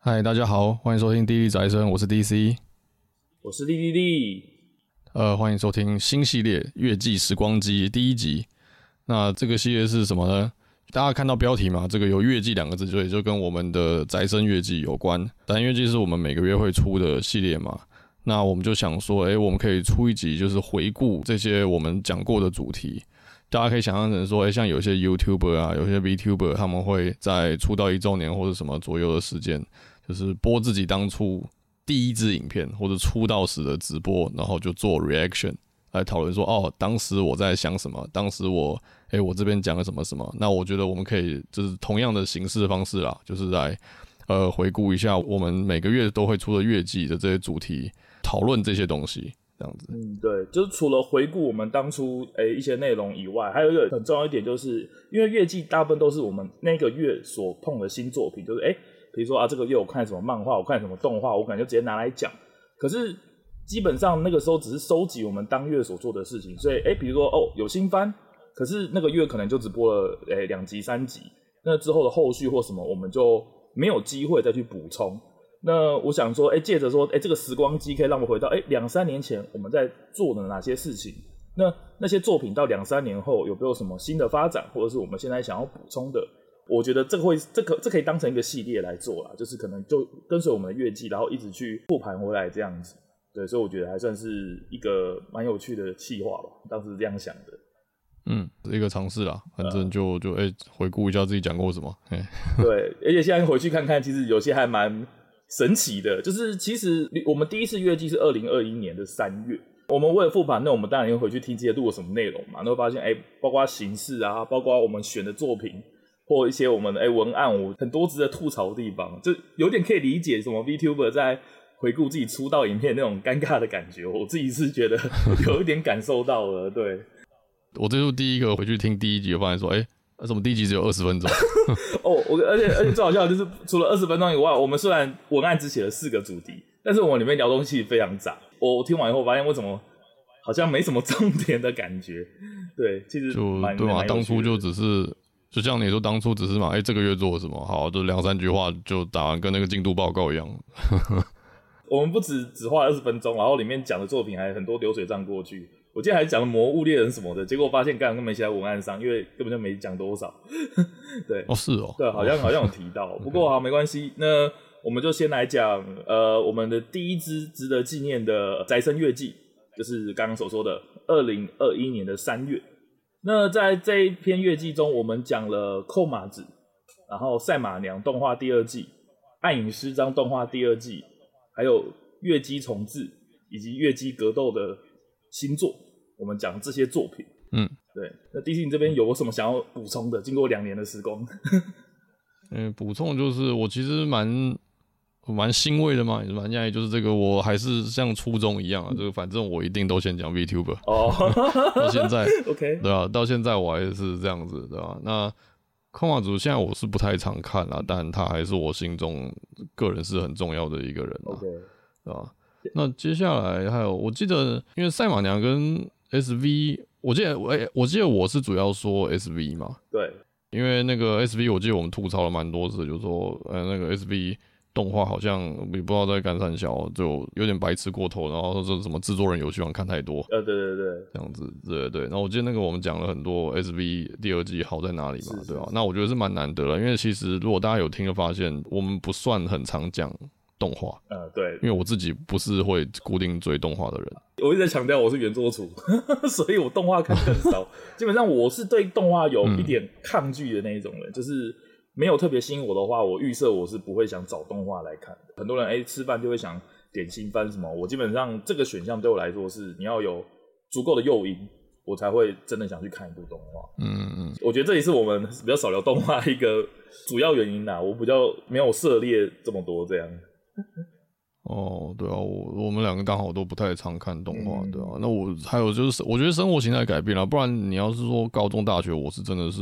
嗨，大家好，歡迎收聽滴滴宅生，我是 DC，我是滴滴滴，呃，歡迎收聽新系列《月記時光機》第一集。那這個系列是什麼呢？大家看到標題嘛，這個有“月記”兩個字，所以就跟我們的宅生月記有關。宅月記是我們每個月會出的系列嘛，那我們就想說，哎，我們可以出一集，就是回顧這些我們講過的主題。大家可以想象成說，哎、欸，像有些 YouTuber 啊，有些 VTuber，他們會在出道一周年或者什麼左右的時間，就是播自己當初第一支影片或者出道時的直播，然後就做 reaction 來討論說，哦，當時我在想什麼，當時我，哎、欸，我這邊講了什麼什麼。那我覺得我們可以就是同樣的形式方式啦，就是來，呃，回顧一下我們每個月都會出的月記的這些主題，討論這些東西。這樣子，嗯，對，就是除了回顧我們當初誒一些內容以外，還有一個很重要一點，就是因為月記大部分都是我們那個月所碰的新作品，就是誒，比如說啊，這個月我看什麼漫畫，我看什麼動畫，我可能就直接拿來講。可是基本上那個時候只是收集我們當月所做的事情，所以誒，比如說哦，有新番，可是那個月可能就只播了誒兩集、三集，那之後的後續或什麼，我們就沒有機會再去補充。那我想說，哎、欸，借着說，哎、欸，這個時光機可以讓我回到，哎、欸，兩三年前我們在做的哪些事情？那那些作品到兩三年後有沒有什麼新的發展，或者是我們現在想要補充的？我覺得這個會，這可，這可以當成一個系列來做啦，就是可能就跟隨我們的月記，然後一直去復盤回來這樣子。對，所以我覺得還算是一個蠻有趣的企劃吧。當時這樣想的，嗯，一個嘗試啦。反正就、呃、就哎、欸，回顧一下自己講過什麼，欸、 對，而且現在回去看看，其實有些還蠻。神奇的，就是其實我們第一次月記是二零二一年的三月，我們為了復盤，那我們當然又回去聽這些錄了什麼內容嘛，那會發現哎，包括形式啊，包括我們選的作品，或一些我們哎文案，我很多值得吐槽的地方，就有點可以理解什麼 VTuber 在回顧自己出道影片那種尷尬的感覺，我自己是覺得有一點感受到了。 對，我這次第一個回去聽第一集，發現說哎。欸而、啊、什麼第一集只有二十分鐘， 哦，我而且而且最好笑的就是除了二十分鐘以外， 我們雖然文案只寫了四個主題，但是我們裡面聊東西非常雜。我聽完以後發現為什麼好像沒什麼重點的感覺？對，其實就對嘛，當初就只是就像你說當初只是嘛？哎、欸，這個月做了什麼？好，就兩三句話就打完，跟那個進度報告一樣。 我們不止只花二十分鐘，然後裡面講的作品還有很多流水賬過去。我今天還講了魔物獵人什麼的，結果發現剛剛都沒寫在文案上，因為根本就沒講多少。 對，哦是哦，對，好像、哦、好像有提到，不過好， 沒關係，那我們就先來講呃我們的第一支值得紀念的宅生月記。就是剛剛所說的二零二一年的三月。那在這一篇月記中，我們講了《扣馬子》，然後《賽馬娘》動畫第二季，《闇影詩章》動畫第二季，還有《月姬重製》以及《月姬格鬥》的。星座，我們講這些作品。嗯，對。那丁你這邊有什麼想要補充的？經過兩年的時光，嗯，補充就是我其實蠻蠻欣慰的嘛，也是蠻訝異，就是這個我還是像初中一樣、啊，這 個反正我一定都先講 VTuber。哦， 到現在 ，OK，對吧、啊？到現在我還是這樣子，對吧、啊？那空馬組現在我是不太常看了、啊，但他還是我心中個人是很重要的一個人嘛、啊，okay. 對吧、啊？那接下來還有，我記得因為賽馬娘跟 S V，我記得我、欸、我記得我是主要說 S V 嘛，對，因為那個 S V，我記得我們吐槽了蠻多次，就是、說呃、欸、那個 S V 動畫好像你不知道在幹三小，就有點白痴過頭，然後說說什麼製作人遊戲王看太多，對對對對，這樣子對，對對，那我記得那個我們講了很多 S V 第二季好在哪裡嘛，是是對吧、啊？那我覺得是蠻難得了，因為其實如果大家有聽的發現，我們不算很常講。動畫，呃、嗯，對，因為我自己不是會固定追動畫的人，我一直在強調我是原作主， 所以我動畫看得很少。 基本上我是對動畫有一點抗拒的那一種人、嗯，就是沒有特別吸引我的話，我預設我是不會想找動畫來看的。很多人哎、欸、吃飯就會想點新番什麼，我基本上這個選項對我來說是你要有足夠的誘因，我才會真的想去看一部動畫。嗯嗯，我覺得這也是我們比較少聊動畫一個主要原因吶，我比較沒有涉獵這麼多這樣。 哦，對啊，我我們兩個剛好都不太常看動畫、嗯，對啊。那我還有就是，我覺得生活形態改變了，不然你要是說高中大學，我是真的是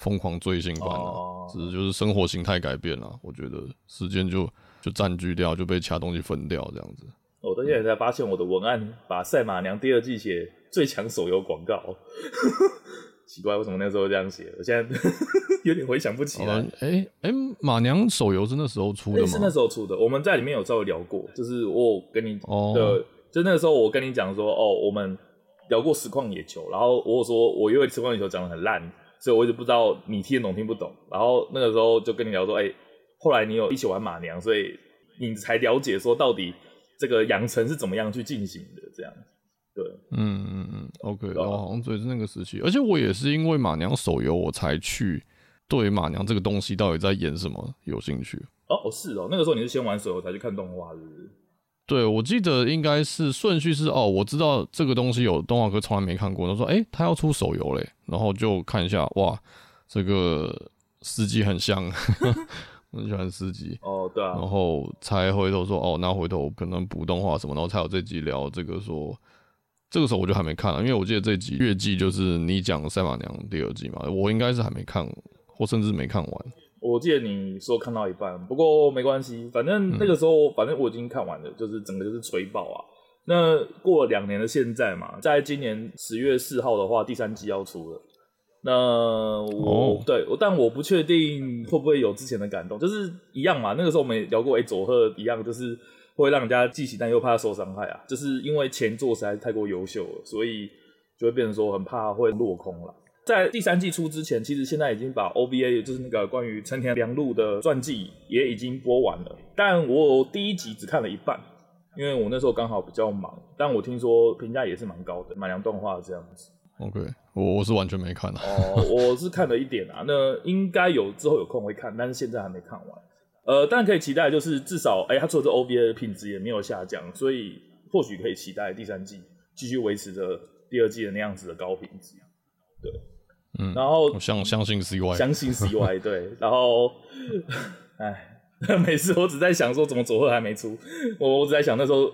瘋狂追新番的，只、哦、是就是生活形態改變了，我覺得時間就就占據掉，就被其他東西分掉這樣子。我到現在才發現，我的文案把《賽馬娘》第二季寫最強手遊廣告。 奇怪，為什麼那時候這樣寫？我現在 有點回想不起來。哎、嗯、哎、欸欸，馬娘手遊是那時候出的嗎、欸？是那時候出的。我們在裡面有稍微聊過，就是我有跟你、哦、對。就那個時候我跟你講說，哦，我們聊過實況野球，然後我有說我因為實況野球講的很爛，所以我一直不知道你聽得懂聽不懂。然後那個時候就跟你聊說，哎、欸，後來你有一起玩馬娘，所以你才了解說到底這個養成是怎麼樣去進行的，這樣子。對，嗯嗯嗯，OK，然後、哦、好像就是那個時期，而且我也是因為馬娘手遊我才去對馬娘這個東西到底在演什麼有興趣。哦是哦，那個時候你是先玩手遊才去看動畫，是不是？對，我記得應該是順序是哦，我知道這個東西有動畫，哥從來沒看過。然後說：“誒、欸、他要出手遊嘞！”然後就看一下，哇，這個司機很像， 我很喜歡司機。哦，對、啊、然後才回頭說：“哦，那回頭可能補動畫什麼。”然後才有這集聊這個說。這個時候我就還沒看、啊，因為我記得這一集《月記》就是你講的《賽馬娘》第二季嘛，我應該是還沒看，或甚至沒看完。我記得你說看到一半，不過沒關係，反正那個時候、嗯，反正我已經看完了，就是整個就是吹爆啊。那過了兩年的現在嘛，在今年十月四號的話，第三季要出了。那我、哦、對我，但我不確定會不會有之前的感動，就是一樣嘛。那個時候我們也聊過，哎、欸，佐賀一樣就是。會讓人家既喜但又怕受傷害啊，就是因為前作實在是太過優秀了，所以就會變成說很怕會落空了。在第三季出之前，其實現在已經把 OVA，就是那個關於成田良路的傳記也已經播完了，但我第一集只看了一半，因為我那時候剛好比較忙。但我聽說評價也是蠻高的，蠻良動畫這樣子。OK，我我是完全沒看啊。 哦，我是看了一點啊，那應該有之後有空會看，但是現在還沒看完。呃，但可以期待，就是至少，哎、欸，他做這 OVA 的品質也沒有下降，所以或許可以期待第三季繼續維持着第二季的那樣子的高品質。對，嗯，然後相相信 CY，相信 CY，對， 然後，哎，每次我只在想說，怎麼佐賀還沒出？我我只在想那時候，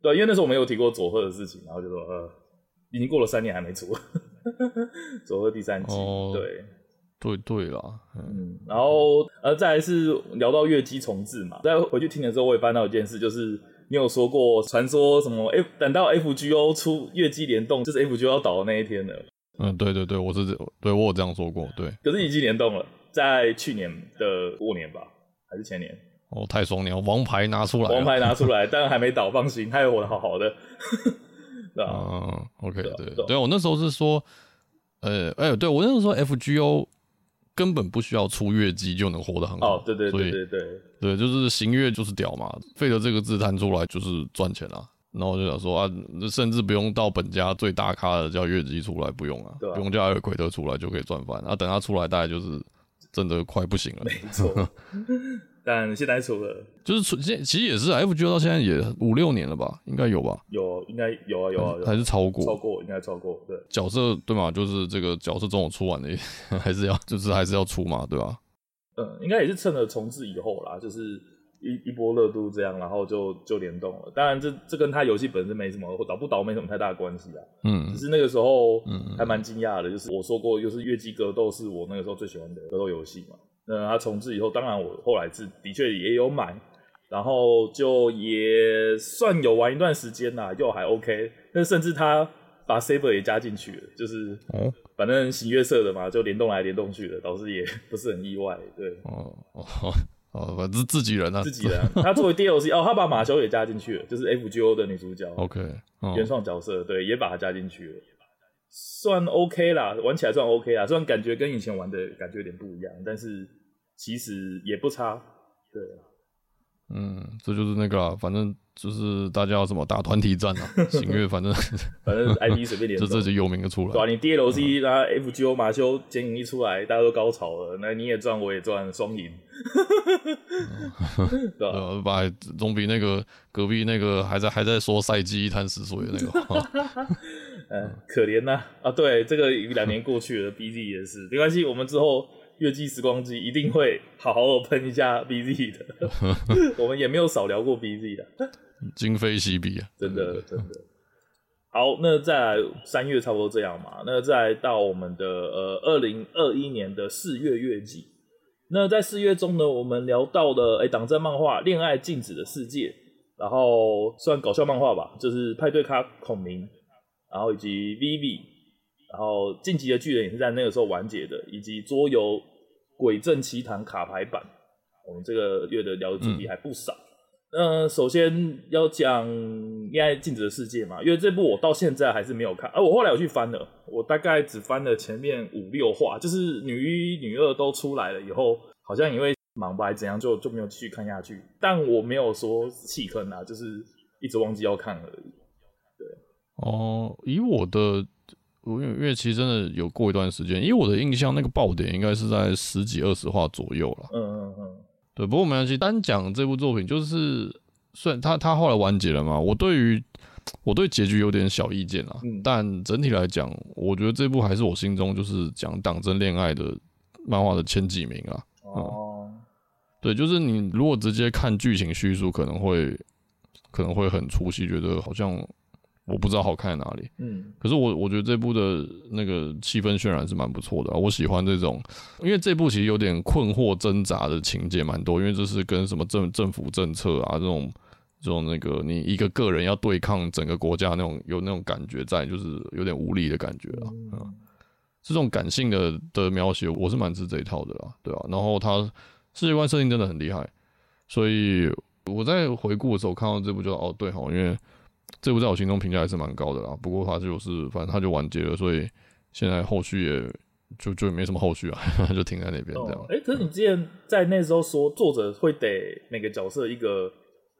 對，因為那時候我沒有提過佐賀的事情，然後就說，呃，已經過了三年還沒出，佐 賀第三季、哦，對。對對了、嗯，嗯，然後呃，再來是聊到月姬重製嘛，在回去聽的時候，我也發現一件事，就是你有說過傳說什麼欸等到 F G O 出月姬聯動，就是 F G O 要倒的那一天了。嗯，對對對，我是對我有這樣說過，對。可是已經聯動了，在去年的過年吧，還是前年？哦，太爽了！王牌拿出來，王牌拿出來， 但還沒倒，放心，它還活得好好的。啊、 嗯、，OK，對對，對，對，我那時候是說，呃，哎，對我那時候說 F G O。根本不需要出月姬就能活得很好哦，對對對對對對，就是型月就是屌嘛，費德這個字攤出來就是賺錢了，啊。然後我就想說啊，甚至不用到本家最大咖的叫月姬出來，不用啊，啊不用叫愛爾奎特出來就可以賺翻。啊，等他出來大概就是。真的快不行了沒。沒錯。但現在出了，就是出現其實也是 FGO 到現在也五六年了吧，應該有吧？有，應該有啊，有啊有，還是超過，超過，應該超過。對，角色對嘛，就是這個角色總有出完的，還是要，就是還是要出嘛，對吧？嗯，應該也是趁着重製以後啦，就是。一一波熱度這樣，然後就就聯動了。當然這，這這跟他遊戲本身沒什麼，倒不倒沒什麼太大的關係啊。嗯，只是那個時候還蠻驚訝的嗯嗯嗯，就是我說過，就是《月姬格鬥》是我那個時候最喜歡的格鬥遊戲嘛。那它重置以後，當然我後來是的確也有買，然後就也算有玩一段時間啦、啊、又還 OK。但甚至他把 Saber 也加進去了，就是反正型月社的嘛，就聯動來聯動去的，倒是也不是很意外。對，哦。哦，反正自己人啊，自己人啊。 他作為 DLC 哦，他把馬修也加進去了，就是 FGO 的女主角，OK 哦，原創角色，對，也把他加進去了，算 OK 啦，玩起來算 OK 啦，雖然感覺跟以前玩的感覺有點不一樣，但是其實也不差，對，嗯，這就是那個，反正。就是大家要怎麼打團體戰啊，行樂反正 反正 IP 隨便點，這 這就有名的出來了，對吧、啊？你 DLC 然、嗯、後 FGO 馬修剪影一出來，大家都高潮了，那你也賺我也賺，雙贏、嗯 啊啊，對吧？總比那個隔壁那個還在還在說賽季一潭死水的那個，呃、 嗯，可憐吶啊，啊！對，這個兩年過去了 ，BG 也是沒關係，我們之後。月記時光機一定會好好的噴一下 BZ 的 我們也沒有少聊過 BZ 的 ，今非昔比啊，真的真的。好，那再來三月差不多這樣嘛，那再來到我們的呃二零二一年的四月月記，那在四月中呢，我們聊到了哎，黨、欸、爭漫畫《戀愛禁止的世界》，然後算搞笑漫畫吧，就是派對咖孔明，然後以及 Vivy，然後進擊的巨人也是在那個時候完結的，以及桌遊。《鬼正奇譚》卡牌版，我們這個月的聊的主題還不少。那、嗯呃、首先要講《戀愛禁止的世界》嘛，因為這部我到現在還是沒有看，而、啊、我後來有去翻了，我大概只翻了前面五六話，就是女一、女二都出來了以後，好像因為忙不吧，怎樣就就沒有繼續看下去。但我沒有說棄坑啊，就是一直忘記要看而已。對，哦，以我的。因為因為其實真的有過一段時間，因為我的印象，那個爆點應該是在十幾二十話左右了。嗯嗯嗯，對。不過沒關係，單講這部作品，就是雖然他他後來完結了嘛，我對於我對結局有點小意見啊、嗯。但整體來講，我覺得這部還是我心中就是講黨爭戀愛的漫畫的前幾名啊、嗯。哦，對，就是你如果直接看劇情敘述，可能會可能會很出戲，覺得好像。我不知道好看在哪裡，嗯，可是我我覺得這部的那個氣氛渲染是蠻不錯的啊，我喜歡這種，因為這部其實有點困惑掙扎的情節蠻多，因為這是跟什麼政政府政策啊這種這種那個你一個個人要對抗整個國家那種有那種感覺在，就是有點無力的感覺啊，嗯，嗯，這種感性的的描寫我是蠻吃這一套的啊。對吧，啊？然後它世界觀設定真的很厲害，所以我在回顧的時候看到這部就哦對哈，因為。這部在我心中評價還是蠻高的啦，不過他就是反正他就完結了，所以現在後續也就就也沒什麼後續了，啊， 就停在那邊這樣。哎，哦欸，可是你之前在那時候說，嗯、作者會給每個角色一個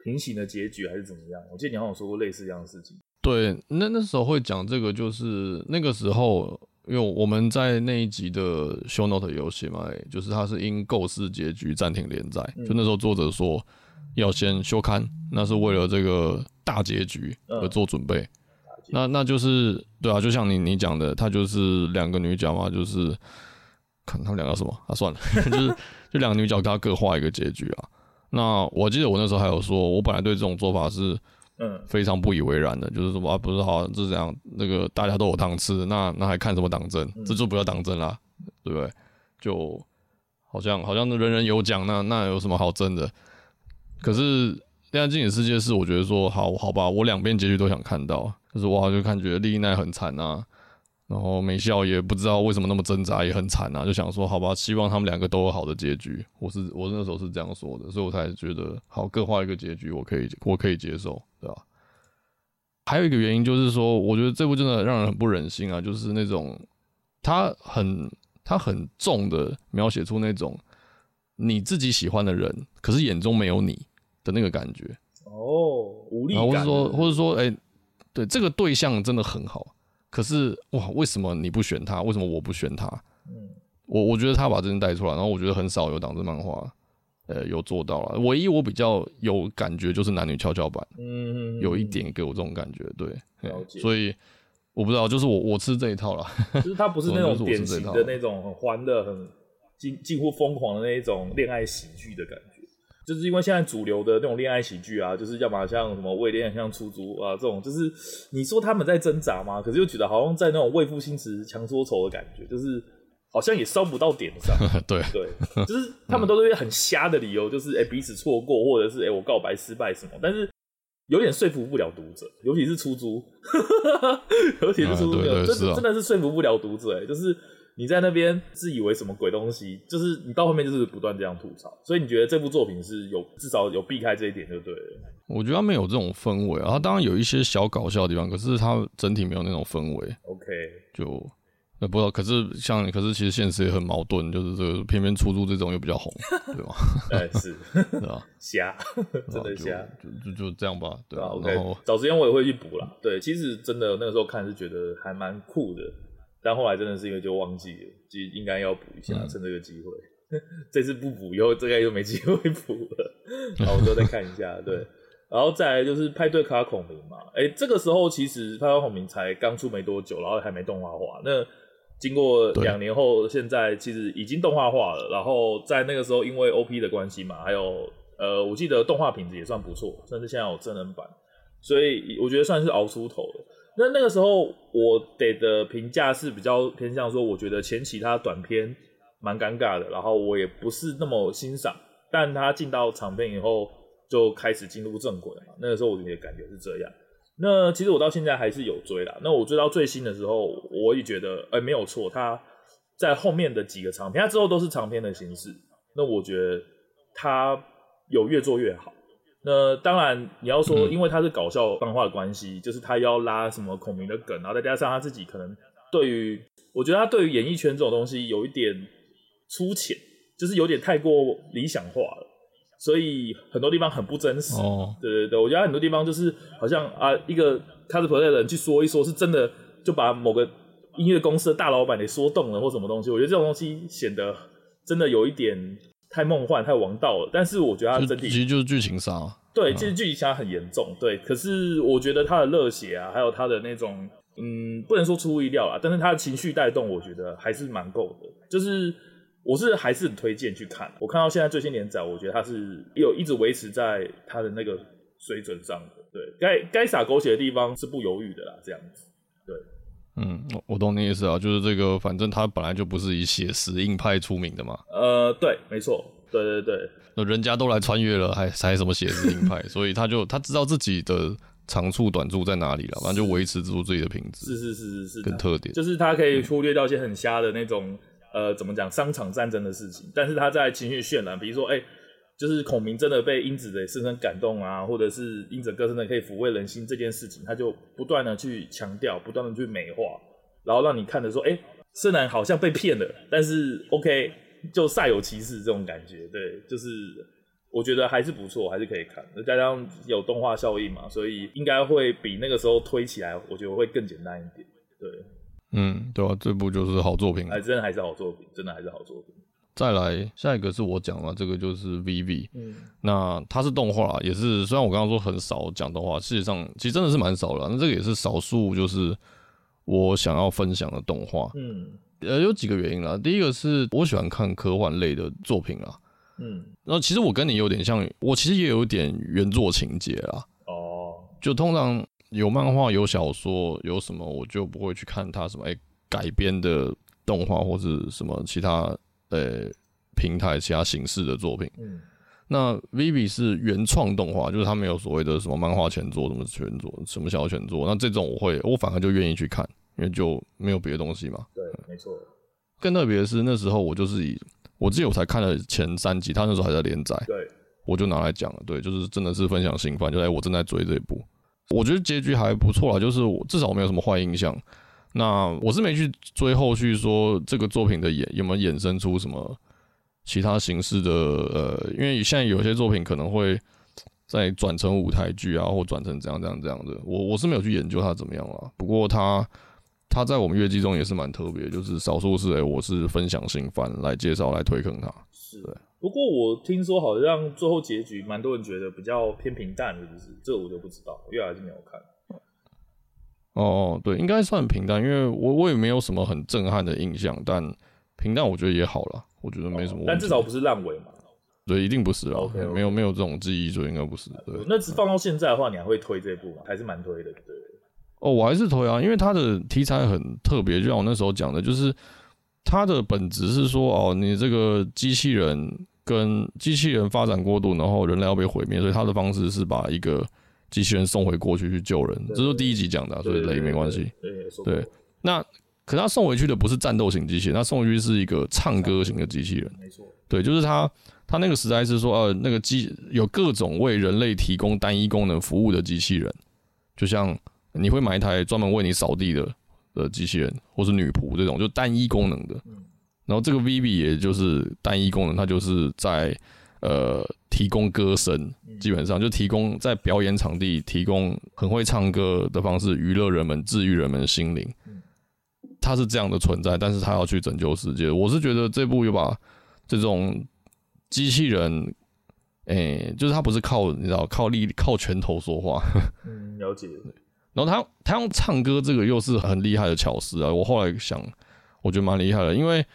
平行的結局，還是怎麼樣？我記得你好像有說過類似這樣的事情。對，那那時候會講這個，就是那個時候，因為我們在那一集的 show note 有寫嘛，就是他是因構思結局暫停連載，嗯，就那時候作者說要先休刊，那是為了這個。大結局而做準備，嗯、那那就是對啊，就像你你講的，他就是兩個女角嘛，就是看他們兩個什麼啊算了， 就是就兩個女角給他各畫一個結局啊。那我記得我那時候還有說，我本來對這種做法是非常不以為然的，嗯、就是說啊，不是好就這樣，那個大家都有糖吃，那那還看什麼黨爭，嗯，這就不要黨爭了，對不對？就好像好像人人有獎，那那有什麼好爭的？可是。嗯《戀愛禁止的世界》是我覺得說，好好吧，我兩邊結局都想看到，就是我好像就看覺得莉莉奈很慘啊，然後美咲也不知道為什麼那麼掙扎，也很慘啊，就想說好吧，希望他們兩個都有好的結局。我是我那時候是這樣說的，所以我才覺得好，各畫一個結局，我可以我可以接受，對吧、啊？還有一個原因就是說，我覺得這部真的讓人很不忍心啊，就是那種他很他很重的描寫出那種你自己喜歡的人，可是眼中沒有你。的那個感覺哦，無力感或者說或者說哎、欸，對這個對象真的很好，可是哇，為什麼你不選他？為什麼我不選他？嗯，我我覺得他把這件帶出來，然後我覺得很少有檔次漫畫，呃、欸，有做到了。唯一我比較有感覺就是男女蹺蹺板，嗯，嗯，嗯，有一點給我這種感覺，對，了解。所以我不知道，就是我我吃這一套了，就是他不是那種典型的那種很歡樂、很近近乎瘋狂的那一種戀愛喜劇的感覺。就是因為現在主流的那種戀愛喜劇啊，就是要麼像什麼偽戀，像出租啊這種，就是你說他們在掙扎嗎？可是又覺得好像在那種為賦新詞強說愁的感覺，就是好像也燒不到點上。 對對，就是他們都是很瞎的理由，就是哎、 嗯欸，彼此錯過，或者是哎、欸、我告白失敗什麼，但是有點說服不了讀者，尤其是出租， 尤其是出租、嗯，對對對，是喔，真的真的是說服不了讀者、欸，哎，就是。你在那邊自以為什麼鬼東西？就是你到後面就是不斷這樣吐槽，所以你覺得這部作品是有至少有避開這一點就對了。我覺得他沒有這種氛圍啊，他當然有一些小搞笑的地方，可是它整體沒有那種氛圍。OK，就呃不知道，可是像，可是其實現實也很矛盾，就是這個偏偏出租這種又比較紅， 對吧？哎、欸、是，是吧？瞎， 真的瞎， 就就就這樣吧，對吧、啊？OK，找時間我也會去補啦。對，其實真的那個時候看是覺得還蠻酷的。但後來真的是因為就忘記了，就應該要補一下，趁這個機會。嗯、 這次不補，以後大概就沒機會補了。 好，我就再看一下。 對，然後再來就是派對卡孔明嘛。哎、欸，這個時候其實派對孔明才剛出沒多久，然後還沒動畫化。那經過兩年後，現在其實已經動畫化了。然後在那個時候，因為 OP 的關係嘛，還有呃，我記得動畫品質也算不錯，甚至現在有真人版，所以我覺得算是熬出頭了。那那個時候我給的評價是比較偏向說，我覺得前期它短片蠻尷尬的，然後我也不是那麼欣賞，但它進到長片以後就開始進入正軌了嘛。那個時候我就也感覺是這樣。那其實我到現在還是有追啦，那我追到最新的時候，我也覺得，哎、欸，沒有錯，它在後面的幾個長片，它之後都是長片的形式。那我覺得他有越做越好。那當然，你要說，因為他是搞笑漫畫關係、嗯，就是他要拉什麼孔明的梗，然後再加上他自己可能對於，我覺得他對於演藝圈這種東西有一點粗淺，就是有點太過理想化了，所以很多地方很不真實。哦、對對對，我覺得很多地方就是好像啊，一個 cosplay 的人去說一說，是真的就把某個音樂公司的大老板給說動了或什麼東西，我覺得這種東西顯得真的有一點。太夢幻，太王道了。但是我覺得他整體其實就是劇情殺啊，對，其實劇情殺很嚴重，嗯，對。可是我覺得他的熱血啊，還有他的那種，嗯，不能說出乎意料啦，但是他的情緒帶動，我覺得還是蠻夠的。就是我是還是很推薦去看。我看到現在最新連載，我覺得他是有一直維持在他的那個水準上的。對，該該灑狗血的地方是不猶豫的啦，這樣子，對。嗯，我懂你意思啊，就是這個，反正他本來就不是以寫實硬派出名的嘛。呃，對，沒錯，對對對，人家都來穿越了，還還什麼寫實硬派， 所以他就他知道自己的長處短處在哪裡了，反正就維持住自己的品質，是,是是是是是，跟特點，就是他可以忽略掉一些很瞎的那種，嗯、呃，怎麼講，商場戰爭的事情，但是他在情緒渲染，比如說，哎、欸。就是孔明真的被英子的深深感動啊，或者是英子歌聲的可以撫慰人心這件事情，他就不斷的去強調，不斷的去美化，然後讓你看的說，哎、欸，雖然好像被騙了，但是 OK，就煞有其事這種感覺。對，就是我覺得還是不錯，還是可以看。再加上有動畫效應嘛，所以應該會比那個時候推起來，我覺得會更簡單一點。對，嗯，對、啊，這部就是好作品啊，真的還是好作品，真的還是好作品。再來下一個是我講了，這個就是 Vivy，嗯。那它是動畫，也是雖然我剛剛說很少講動畫，事實上其實真的是蠻少的，那這個也是少數，就是我想要分享的動畫。嗯，呃，有幾個原因啦，第一個是我喜歡看科幻類的作品啊，嗯，然後其實我跟你有點像，我其實也有點原作情節啦，哦，就通常有漫畫、有小說、有什麼我就不會去看它什麼哎、欸、改編的動畫或者什麼其他，呃，平台其他形式的作品，嗯，那 Vivy 是原創動畫，就是它沒有所謂的什麼漫畫前作、什麼前作、什麼小說前作，那這種我會，我反而就願意去看，因為就沒有別的東西嘛。對，沒錯。嗯、更特別的是，那時候我就是以我記得，我才看了前三集，他那時候還在連載，對，我就拿來講了，對，就是真的是分享新番，就在、是、我正在追這一部，我覺得結局還不錯了，就是我至少我沒有什麼壞印象。那我是沒去追後續，說這個作品的衍有沒有衍生出什麼其他形式的呃，因為現在有些作品可能會再轉成舞台劇啊，或轉成這樣這樣這樣的。我我是沒有去研究它怎麼樣了。不過它它在我們月記中也是蠻特別，就是少數是哎、欸，我是分享型番來介紹來推坑它。是，不過我聽說好像最後結局蠻多人覺得比較偏平淡的、就是，其實這個、我就不知道，我月還是沒有看。哦哦，對，應該算平淡，因為我我也沒有什麼很震撼的印象，但平淡我覺得也好啦，我覺得沒什麼、哦。但至少不是爛尾嘛？對，一定不是啊。OK, okay. 沒有沒有這種記憶，所以應該不是。對，那只放到現在的話、嗯，你還會推這部嗎？還是蠻推的，對。哦，我還是推啊，因為它的題材很特別，就像我那時候講的，就是它的本質是說，哦，你這個機器人跟機器人發展過度，然後人類要被毀滅，所以他的方式是把一個。機器人送回過去去救人，對對對，這是第一集講的、啊，所以雷沒關係。對，那可他送回去的不是戰鬥型機器人，他送回去是一個唱歌型的機器人。沒錯，對，就是他，他那個時代是說，呃，那個機有各種為人類提供單一功能服務的機器人，就像你會買一台專門為你掃地的的機器人，或是女僕這種，就單一功能的。嗯、然後這個 Vivy 也就是單一功能，他就是在。呃，提供歌聲，基本上就提供在表演場地，提供很會唱歌的方式，娛樂人們，治癒人們的心靈。他、嗯、是這樣的存在，但是他要去拯救世界。我是覺得這部又把這種機器人，哎，就是他不是靠你知道靠力靠拳頭說話，嗯，了解了。然後他他用唱歌這個又是很厲害的巧思啊。我後來想，我覺得蠻厲害的，因為，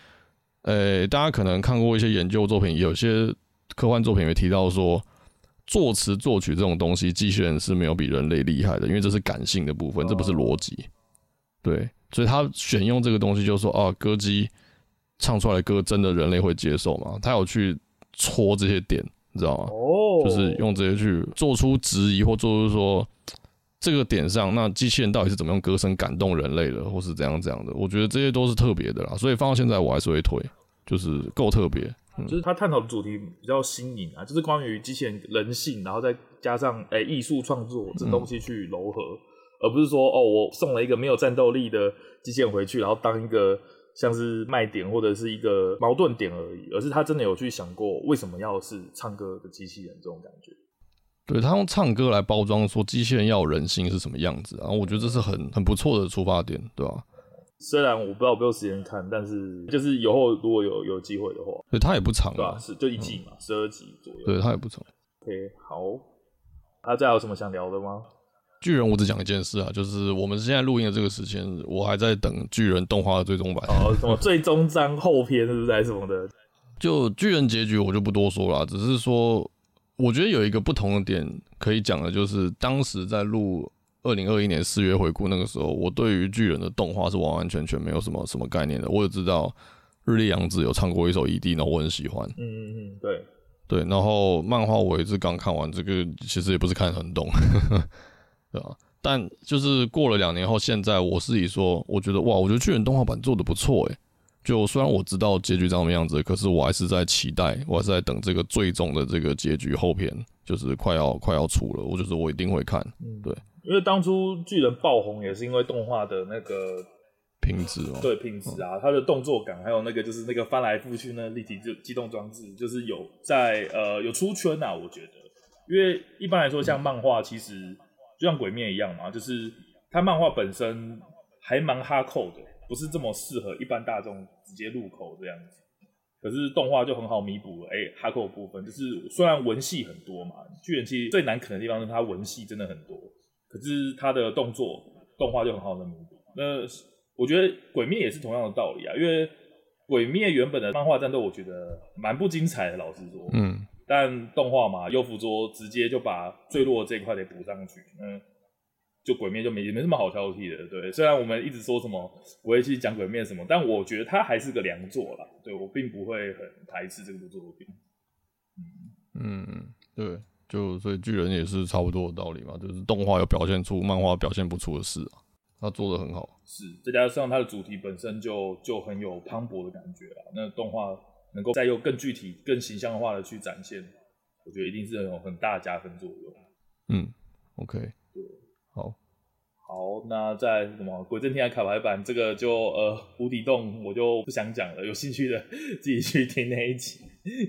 呃，大家可能看過一些研究作品，有些。科幻作品也提到說，作詞作曲這種東西，機器人是沒有比人類厲害的，因為這是感性的部分，這不是邏輯。Uh. 對，所以他選用這個東西就是，就說啊，歌姬唱出來的歌，真的人類會接受嗎？他有去戳這些點，你知道嗎？哦、oh，就是用這些去做出質疑，或做出說這個點上，那機器人到底是怎麼用歌聲感動人類的，或是怎樣怎樣的？我覺得這些都是特別的啦。所以放到現在，我還是會推，就是夠特別。就是他探討的主題比較新穎啊，就是關於機器人人性，然後再加上誒藝術創作這東西去糅合，嗯，而不是說哦，我送了一個沒有戰鬥力的機器人回去，然後當一個像是賣點或者是一個矛盾點而已，而是他真的有去想過為什麼要是唱歌的機器人這種感覺。對，他用唱歌來包裝，說機器人要有人性是什麼樣子，啊，然後我覺得這是很很不錯的出發點，對吧，啊？雖然我不知道沒有時間看，但是就是以後如果有有機會的話，對它也不長對啊，是就一季嘛，嗯、十二集左右，對它也不長。OK，好，啊、大家還有什麼想聊的嗎？巨人，我只講一件事啊，就是我們現在錄音的這個時間，我還在等巨人動畫的最終版、啊，什麼最終章後篇是不是 還什麼的？就巨人結局我就不多說了，只是說我覺得有一個不同的點可以講的就是當時在錄。二零二一年四月回顧，那個時候我對於巨人的動畫是完完全全沒有什麼什麼概念的。我也知道日笠陽子有唱過一首 ED，然後我很喜歡。嗯嗯嗯，對對。然後漫畫我也是剛看完，這個其實也不是看得很懂， 對吧、啊？但就是過了兩年後，現在我自己說，我覺得哇，我覺得巨人動畫版做的不錯哎。就雖然我知道結局長什麼樣子，可是我還是在期待，我還是在等這個最終的這個結局後篇，就是快要快要出了，我就是我一定會看。嗯、對。因為當初巨人爆紅也是因為動畫的那個品質哦、喔，對品質啊、嗯，它的動作感還有那個就是那個翻來覆去那立體就機動裝置，就是有在呃有出圈吶、啊，我覺得。因為一般來說像漫畫其實、嗯、就像鬼滅一樣嘛，就是它漫畫本身還蠻哈扣的，不是這麼適合一般大眾直接入口這樣子。可是動畫就很好彌補了哎哈扣的部分，就是雖然文戲很多嘛，巨人其實最難啃的地方是它文戲真的很多。可是他的動作動畫就很好的彌補，那我覺得《鬼滅》也是同樣的道理啊，因為《鬼滅》原本的漫畫戰鬥我覺得蠻不精彩的，老實說，嗯，但動畫嘛，幽浮桌直接就把最弱的這一塊給補上去，嗯，就《鬼滅》就沒沒什麼好挑剔的，對。雖然我們一直說什麼，我也去講《鬼滅》什麼，但我覺得他還是個良作啦，對我並不會很排斥這部作品，嗯嗯，對。就所以巨人也是差不多的道理嘛，就是動畫有表現出漫畫表現不出的事啊，他做的很好。是，再加上他的主題本身就就很有磅礴的感覺了，那動畫能夠再用更具體、更形象化的去展現，我覺得一定是很有很大加分作用。嗯，OK，對，好，好，那在什麼鬼震天的卡牌版這個就呃無底洞我就不想講了，有興趣的自己去聽那一集，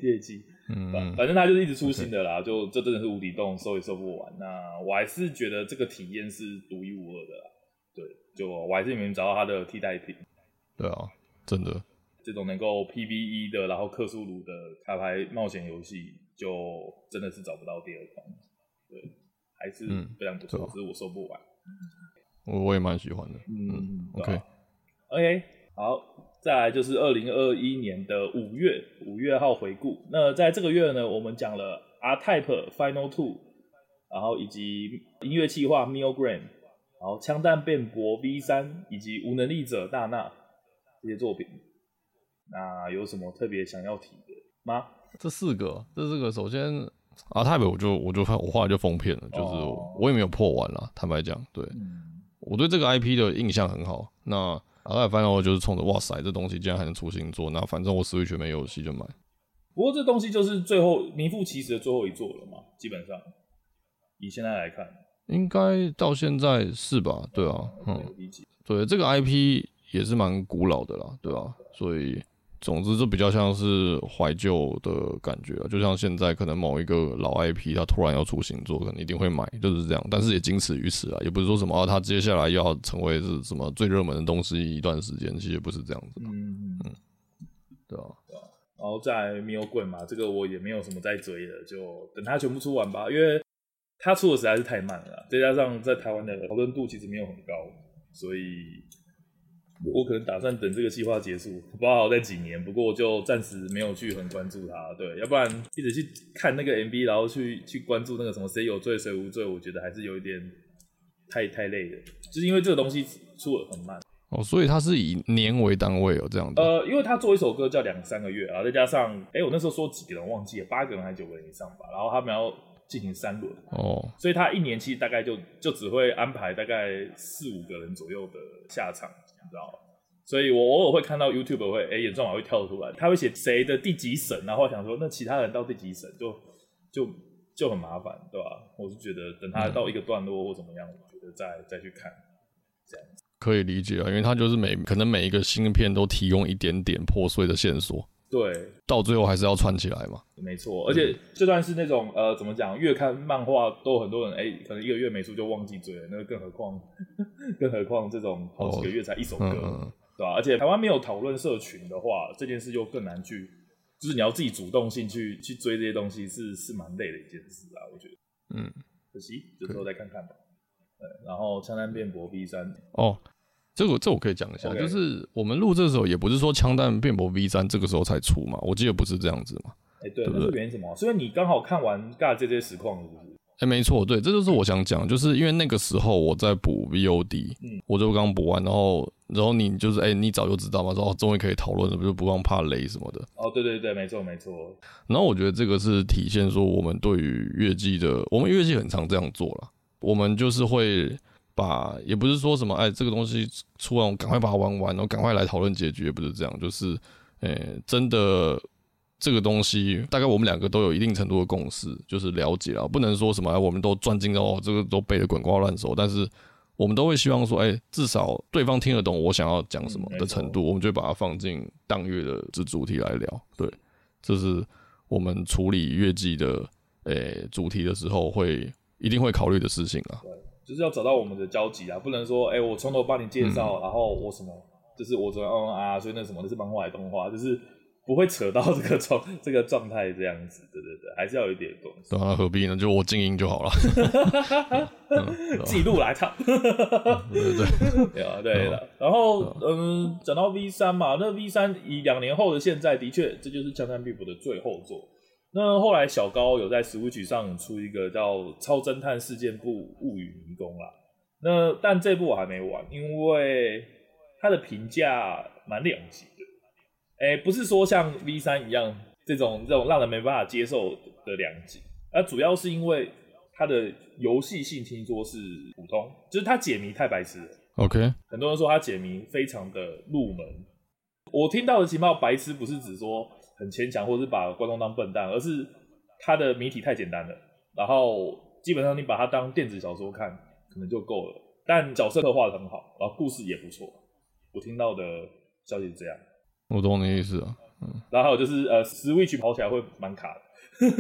那一集。嗯，反正它就是一直出新的啦，okay. 就這真的是無底洞，收也收不完。那我還是覺得這個體驗是獨一無二的啦，對，就我還是沒找到它的替代品。對啊，真的，這種能夠 PVE 的，然後克蘇魯的卡牌冒險遊戲，就真的是找不到第二款。對，還是非常不錯，嗯，只是我收不完。啊、我我也蠻喜歡的，嗯 OK，OK，好。再來就是二零二一年的五月五月號回顧。那在這個月呢，我們講了 R-Type Final Two，然後以及音樂企劃 MILGRAM，然後槍彈辯駁 V3，以及無能力者娜娜這些作品。那有什麼特別想要提的嗎？這四個，這四個，首先 R-Type 我就我就我畫就封片了，oh. 就是我也沒有破完了。坦白講，對、mm. 我對這個 IP 的印象很好。那然後反正我就是衝着哇塞，這東西竟然還能出新作，那反正我 Switch 沒遊戲就買。不過這東西就是最後名副其實的最後一作了嘛，基本上以現在來看，應該到現在是吧？對啊，嗯，對，這個 IP 也是蠻古老的了，對吧、啊？所以。總之就比較像是懷舊的感覺，就像現在可能某一個老 IP，他突然要出新作，可能一定會買，就是這樣。但是也僅此於此了，也不是說什麼、啊、他接下來要成為是什麼最熱門的東西一段時間，其實也不是這樣子。嗯嗯嗯，對啊對啊。然後再來 MILGRAM 嘛，這個我也沒有什麼再追的，就等他全部出完吧，因為他出的實在是太慢了，再加上在台灣的討論度其實沒有很高，所以。我可能打算等這個計劃結束，不知道再幾年。不過我就暫時沒有去很關注它，對，要不然一直去看那個 MV，然後去去關注那個什麼誰有罪誰無罪，我覺得還是有一點太太累的，就是因為這個東西出的很慢哦，所以它是以年為單位哦，這樣子。呃，因為他做一首歌叫兩三個月啊，然後再加上哎，我那時候說幾個人我忘記了，八個人還是九個人以上吧，然後他們要。進行三輪哦，所以他一年期大概就就只會安排大概四五個人左右的下場，你知道嗎？所以我偶爾會看到 YouTube 會哎演唱會跳出來，他會寫誰的第幾審，然後想說那其他人到第幾審就就就很麻煩，對吧、啊？我是覺得等他到一個段落或、嗯、怎麼樣，我覺得再再去看這樣子可以理解啊，因為他就是每可能每一個新片都提供一點點破碎的線索。對，到最後還是要串起來嘛。沒錯，而且這段是那種呃，怎麼講？月刊漫畫都有很多人哎、欸，可能一個月沒出就忘記追了。那更何況，更何況這種好幾個月才一首歌，哦、嗯嗯嗯對吧、啊？而且台灣沒有討論社群的話，這件事就更難去，就是你要自己主動性去去追這些東西是，是是蠻累的一件事啊，我覺得。嗯，可惜，就之後再看看吧。然後槍彈辯駁 V3 哦。這個這個、我可以講一下，okay. 就是我們錄這個時候也不是說槍彈辯駁 V3 這個時候才出嘛，我記得不是這樣子嘛，欸、對，對不對是原因什麼？因為你剛好看完尬這些實況是不是，哎、欸，沒錯，對，這就是我想講，就是因為那個時候我在補 VOD，、嗯、我就剛補完，然後然後你就是哎、欸，你早就知道嘛，後、哦、終於可以討論什麼，就不用怕雷什麼的。哦，對對對，沒錯沒錯。然後我覺得這個是體現說我們對於月記的，我們月記很常這樣做了，我們就是會。把也不是說什麼，哎、欸，這個東西出完，我趕快把它玩完，然後趕快來討論結局，也不是這樣。就是，誒、欸，真的這個東西，大概我們兩個都有一定程度的共識，就是了解了，不能說什麼，欸、我們都鑽進到這個都背得滾瓜爛熟。但是我們都會希望說，哎、欸，至少對方聽得懂我想要講什麼的程度，我們就把它放進當月的這主題來聊。對，這是我們處理月記的誒、欸、主題的時候會一定會考慮的事情啊。就是要找到我們的交集啊，不能說誒、欸、我從頭幫你介紹、嗯，然後我什麼，就是我主要啊，所以那什麼都是漫畫、動畫，就是不會扯到這個狀這個狀態這樣子。對對對，還是要有一點東西。那、啊、何必呢？就我靜音就好了，記 錄、 嗯嗯嗯、來唱、 嗯。對對 對啊，對了， 然後嗯，講到 V 三嘛，那 V 三以兩年後的現在，的確這就是槍彈辯駁的最後作。那後來小高有在 Switch 上出一個叫《超偵探事件簿物語迷宮》啦，那但這部我還沒玩，因為他的評價蠻兩極的，哎，不是說像 V3 一樣這種這種讓人沒辦法接受的兩極，而主要是因為他的遊戲性聽說是普通，就是他解謎太白痴了。OK，很多人說他解謎非常的入門，我聽到的情報白痴不是指說。很牽強，或者是把觀眾當笨蛋，而是他的謎題太簡單了。然後基本上你把它當電子小說看，可能就夠了。但角色刻畫的很好，然後故事也不錯。我聽到的消息是這樣。我懂你意思啊。嗯。然後還有就是，呃，Switch 跑起來會蠻卡的。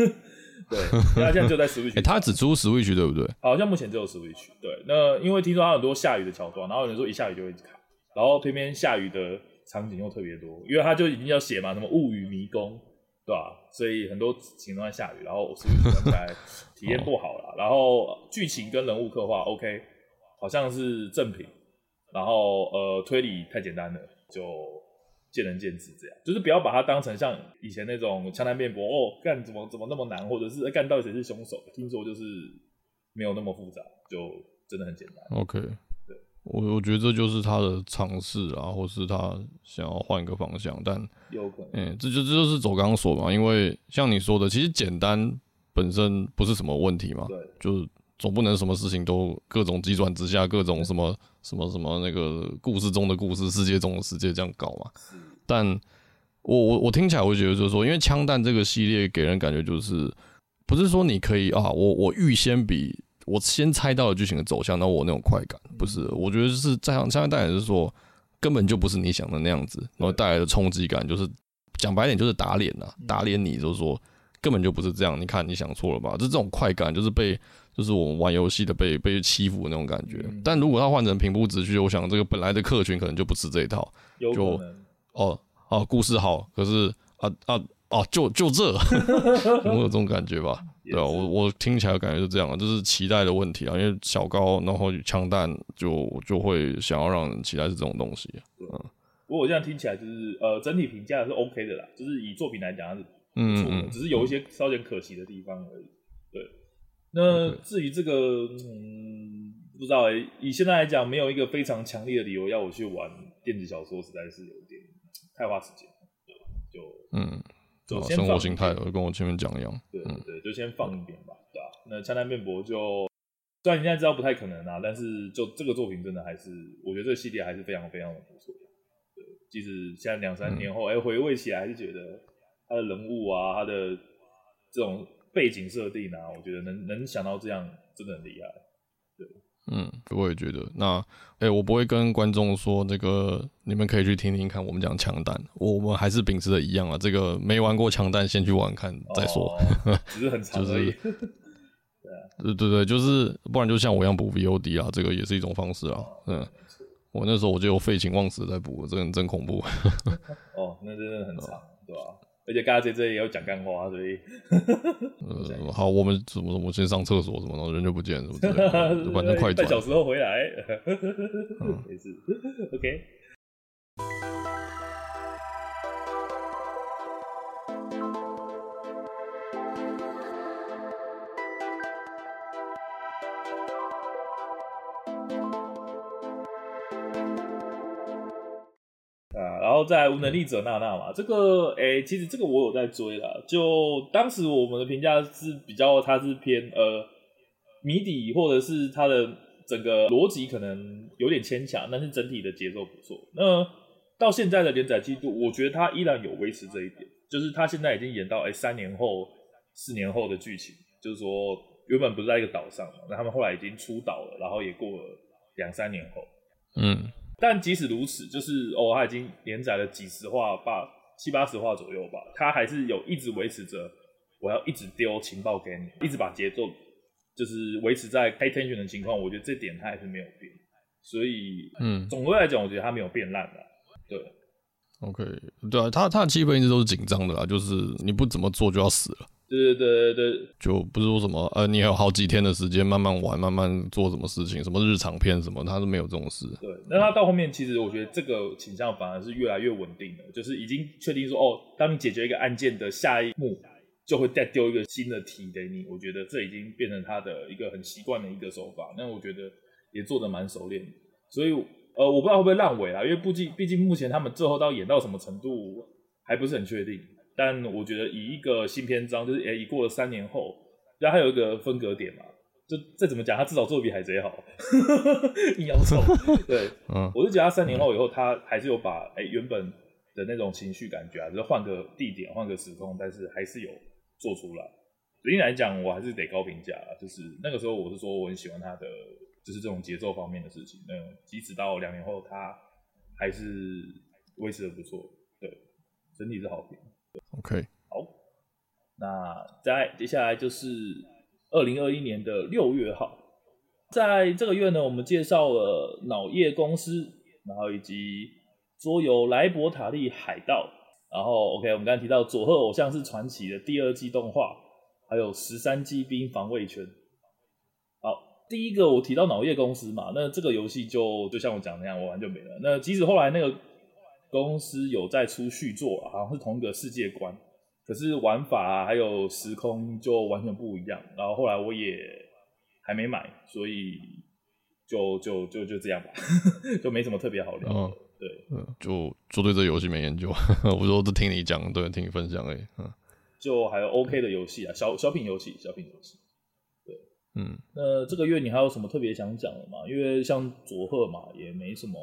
對，他現在就在 Switch、 欸。他只出 Switch 對不對？好像目前只有 Switch。對。那因為聽說他很多下雨的橋段，然後有人說一下雨就會卡，然後偏偏下雨的。場景又特別多，因為他就已經要寫嘛，什麼物語迷宮，對吧、啊？所以很多情都在下雨，然後所以聽起來體驗不好了。 然後劇情跟人物刻畫 OK，好像是正品。然後呃，推理太簡單了，就見仁見智這樣。就是不要把它當成像以前那種槍彈辯駁哦，幹怎麼怎麼那麼難，或者是幹、欸、到底誰是兇手？聽說就是沒有那麼複雜，就真的很簡單。OK。我我覺得這就是他的嘗試啊，或是他想要換一個方向，但有可能嗯、欸，這就這就是走鋼索嘛。因為像你說的，其實簡單本身不是什麼問題嘛，對，就總不能什麼事情都各種急轉直下，各種什麼什麼，什麼什麼那個故事中的故事，世界中的世界這樣搞嘛。但我我我聽起來，我覺得就是說，因為槍彈這個系列給人感覺就是，不是說你可以啊，我我預先比。我先猜到了劇情的走向，然後我那種快感、嗯、不是？我覺得是在現在當然也是說，根本就不是你想的那樣子，然後帶來的衝擊感就是講白點就是打臉吶、啊，嗯、打臉你就是說根本就不是這樣。你看你想錯了吧？就是、這種快感，就是被就是我們玩遊戲的被被欺負那種感覺。嗯、但如果他換成平鋪直敘，我想這個本來的客群可能就不是這一套。就，哦哦，故事好，可是啊啊哦、啊，就就這，有 沒有這種感覺吧？ 對啊，我我聽起來感覺是這樣，就是期待的問題啊，因為小高然後槍彈就就會想要讓人期待是這種東西，嗯。對，不過我現在聽起來就是呃，整體評價是 OK 的啦，就是以作品來講是不錯，嗯嗯，只是有一些稍顯可惜的地方而已。嗯、對，那至於這個、嗯，不知道、欸、以現在來講，沒有一個非常強烈的理由要我去玩電子小說，實在是有點太花時間，對吧？就嗯。哦、先生活型態，就跟我前面講一樣。對對，對、嗯，就先放一邊吧，對吧、啊？那槍彈辯駁就，雖然你現在知道不太可能啊，但是就這個作品真的還是，我覺得這個系列還是非常非常的不錯。對，即使現在兩三年後，哎、嗯欸，回味起來還是覺得他的人物啊，他的這種背景設定啊，我覺得能能想到這樣，真的很厲害。嗯，我也覺得。那哎、欸，我不會跟觀眾說這、那個，你們可以去聽聽看我。我們講槍彈，我們還是秉持着一樣啊，這個沒玩過槍彈，先去玩看再說。哦、呵是很就是 對、啊、對對對，就是不然就像我一樣補 VOD 啊，這個也是一種方式啊、哦。嗯，我那時候我就有廢寢忘食在補，這個人真恐怖。 哦，那真的很長，哦、對吧、啊？而且剛才在這裡也要講幹話、啊、所以、 嗯。好，我們怎麼怎麼先上廁所什，怎麼然後人就不見了，什麼對，反 正快轉， 半小時後回來， 沒事，OK。在無能力者娜娜嘛，這個哎、欸，其實這個我有在追啦。就當時我們的評價是比較，它是偏呃謎底，或者是它的整個邏輯可能有點牽強，但是整體的節奏不錯。那到現在的連載進度，我覺得它依然有維持這一點，就是它現在已經演到哎、欸、三年後、四年後的劇情，就是說原本不是在一個島上嘛，那他們後來已經出島了，然後也過了兩三年後，嗯。但即使如此，就是哦，他已經連載了幾十話吧，七八十話左右吧，他還是有一直維持着我要一直丟情報給你，一直把節奏就是維持在開 t e n s i o n 的情況，我覺得這點他還是沒有變。所以，嗯，總的來講，我覺得他沒有變爛吧。對，OK，對啊，他他的氣氛一直都是緊張的啦，就是你不怎麼做就要死了。對對對對對，就不是說什麼呃，你還有好幾天的時間慢慢玩，慢慢做什麼事情，什麼日常片什麼，他是沒有這種事。對，那他到後面其實我覺得這個傾向反而是越來越穩定的，就是已經確定說哦，當你解決一個案件的下一幕就會再丟一個新的題給你。我覺得這已經變成他的一個很習慣的一個手法。那我覺得也做得蠻熟練。所以呃，我不知道會不會爛尾啊，因為畢竟畢竟目前他們最後到演到什麼程度還不是很確定。但我覺得以一個新篇章，就是哎，已、欸、過了三年後，然後他有一個分隔點嘛，就再怎麼講，他至少做得比海賊好，硬陽手。對，嗯， 我就覺得他三年後以後，他還是有把哎、欸、原本的那種情緒感覺，啊，就是換個地點、換個時空，但是還是有做出來。總體來講，我還是得高評價。就是那個時候，我是說我很喜歡他的，就是這種節奏方面的事情。那個、即使到兩年後，他還是維持的不錯。對，整體是好評。OK，好，那再接下來就是二零二一年的六月號，在這個月呢，我們介紹了腦葉公司，然後以及桌遊萊伯塔利海盜，然後 OK，我們剛才提到佐賀偶像是傳奇的第二季動畫，還有十三機兵防衛圈。好，第一個我提到腦葉公司嘛，那這個遊戲就就像我講那樣，我玩就沒了。那即使後來那個。公司有在出續作，啊，好像是同一個世界觀，可是玩法、啊、還有時空就完全不一樣。然後後來我也還沒買，所以就就就就這樣吧， 就沒什麼特別好聊的。對，嗯、就就對這個遊戲沒研究， 我都是聽你講，對，聽你分享而已。嗯、就還有 OK 的遊戲啊，小小品遊戲，小品遊戲。對，嗯，那這個月你還有什麼特別想講的嗎？因為像佐賀嘛，也沒什麼。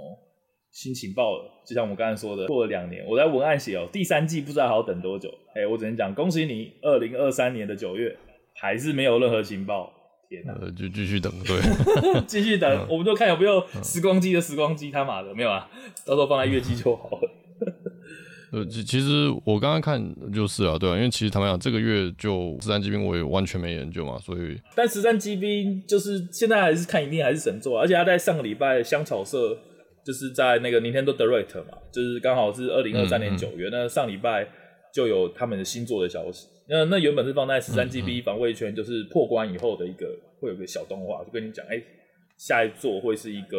新情報了，就像我剛才說的，過了兩年，我在文案寫哦，第三季不知道還要等多久。哎，我只能講恭喜你，二零二三年的九月還是沒有任何情報。天啊、呃，就繼續等，對， 繼續等、嗯，我們就看有沒有時光機的時光機，他媽的、嗯、沒有啊，到時候放在月記就好了。呃、嗯，其 其實我剛剛看就是啊，對啊，因為其實坦白講，這個月就十三機兵我也完全沒研究嘛，所以但十三機兵就是現在還是看一定還是神作、啊，而且他在上個禮拜香草社。就是在那個 Nintendo Direct 嘛，就是剛好是二零二三年九月，嗯嗯，那上禮拜就有他們的新作的消息。那那原本是放在十三機兵防衛圈就是破關以後的一個會有個小動畫，就跟你講，哎、欸，下一作會是一個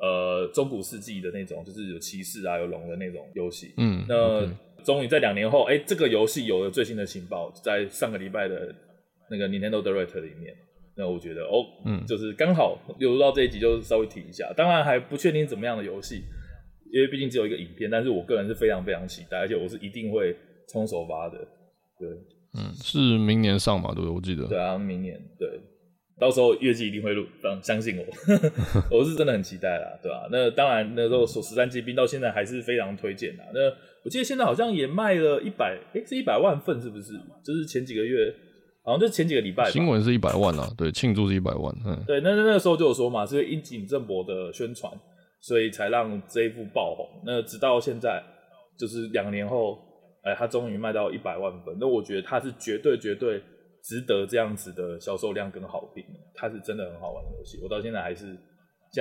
呃中古世紀的那種，就是有騎士啊、有龍的那種遊戲。嗯，那終於、okay. 在兩年後，哎、欸，這個遊戲有了最新的情報，在上個禮拜的那個 Nintendo Direct 裡面。那我覺得哦、就是，嗯，就是剛好流入到這一集，就稍微提一下。當然還不確定怎麼樣的遊戲，因為畢竟只有一個影片，但是我個人是非常非常期待，而且我是一定會衝首發的。對，嗯，是明年上嘛？對我記得。對啊，明年對，到時候月記一定會錄，當相信我， 我是真的很期待啦，對吧，啊？那當然，那時候所十三機兵到現在還是非常推薦的。那我記得現在好像也賣了一百，誒，是一百萬份是不是？就是前幾個月。好像就前幾個禮拜，新聞是一百萬啊，對，慶祝是一百萬，嗯，對，那那那個時候就有說嘛，是因景正博的宣傳，所以才讓這一部爆紅。那直到現在，就是兩年後，哎、欸，他終於賣到一百萬本。那我覺得他是絕對絕對值得這樣子的銷售量跟好評，他是真的很好玩的遊戲。我到現在還是，現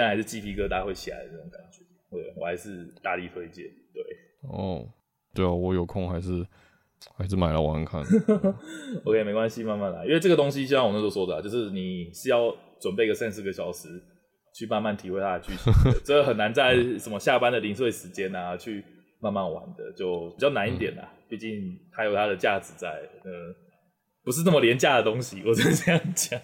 在還是雞皮疙瘩會起來的這種感覺，對，我還是大力推薦。對，哦，對啊，我有空還是。還是買了玩看，看 ，OK 沒關係，慢慢來。因為這個東西就像我那時候說的、啊，就是你是要準備個三四個小時去慢慢體會它的劇情的，這 很難在什麼下班的零碎時間啊去慢慢玩的，就比較難一點啦、啊。畢、嗯、竟它有它的價值在、欸，嗯、呃，不是那麼廉價的東西，我是這樣講。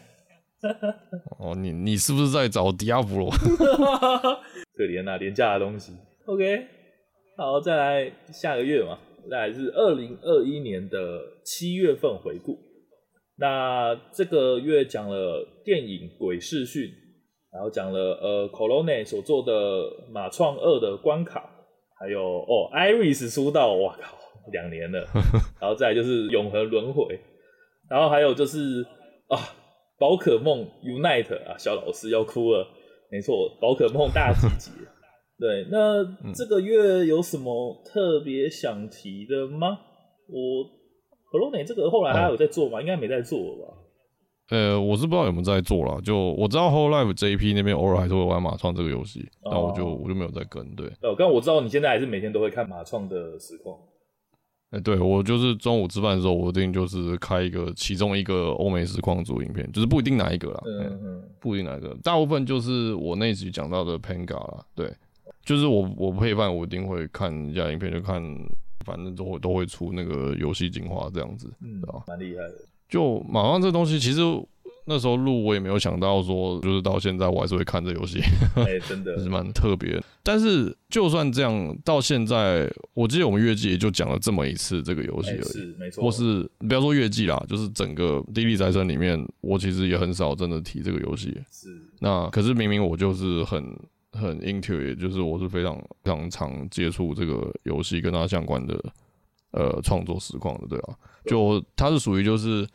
哦，你你是不是在找迪亞布羅？可憐啊，廉價的東西。OK，好，再來下個月嘛。再來是二零二一年的七月份回顧，那這個月講了電影《鬼視訊》，然後講了呃，ころね所做的《馬創二》的關卡，還有哦，IRyS 出道，哇靠，兩年了，然後再來就是《永恆輪迴》，然後還有就是啊，《寶可夢 Unite》啊，小老師要哭了，沒錯，《寶可夢大集結。》 對，那這個月有什麼特別想提的嗎？嗯、我 Korone 這個後來還有在做嗎？哦、應該沒在做了吧？呃、欸，我是不知道有沒有在做了。就我知道 Hololive JP 那邊偶爾還是會玩馬創這個遊戲，那、哦、我就我就沒有在跟對。對、哦，但我知道你現在還是每天都會看馬創的實況。哎、欸，對，我就是中午吃飯的時候，我一定就是開一個其中一個歐美實況主的影片，就是不一定哪一個了，嗯嗯、欸，不一定哪一個，大部分就是我那一集講到的 Panga 啦，對。就是我，我陪伴我一定會看一下影片，就看，反正都會都會出那個遊戲精華這樣子，嗯，蠻厲害的。就馬上這東西，其實那時候錄我也沒有想到說，就是到現在我還是會看這遊戲、 欸。真的， 是蠻特別、欸。但是就算這樣，到現在，我記得我們月記也就講了這麼一次這個遊戲而已，欸、沒錯。或是不要說月記啦，就是整個《迪麗宅生》裡面、欸，我其實也很少真的提這個遊戲。是。那可是明明我就是很。很 intuit 就是我是非常非常常接觸這個遊戲跟它相關的呃創作實況的，對啊，就它是屬於就是，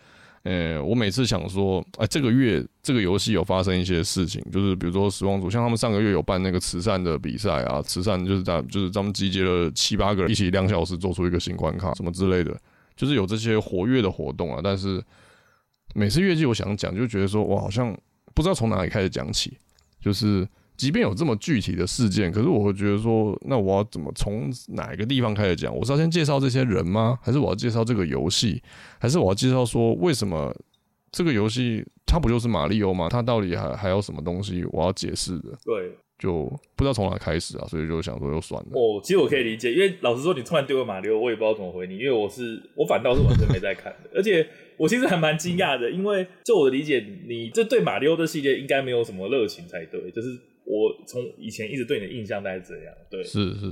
呃、欸，我每次想說，哎、欸，這個月這個遊戲有發生一些事情，就是比如說實況組像他們上個月有辦那個慈善的比賽啊，慈善就是在就是他們集結了七八個人一起兩小時做出一個新關卡什麼之類的，就是有這些活躍的活動啊，但是每次月記我想講就覺得說，哇，好像不知道從哪裡開始講起，就是。即便有這麼具體的事件，可是我會覺得說，那我要怎麼從哪一個地方開始講？我是要先介紹這些人嗎？還是我要介紹這個遊戲？還是我要介紹說，為什麼這個遊戲它不就是瑪利歐嗎？它到底還還有什麼東西我要解釋的？對，就不知道從哪開始啊，所以就想說，就算了。哦、oh，其實我可以理解，因為老實說，你突然丟個瑪利歐，我也不知道怎麼回你，因為我是我反倒是完全沒在看的， 而且我其實還蠻驚訝的，因為就我的理解，你這對瑪利歐的系列應該沒有什麼熱情才對，就是。我從以前一直對你的印象大概是這樣，對，是是，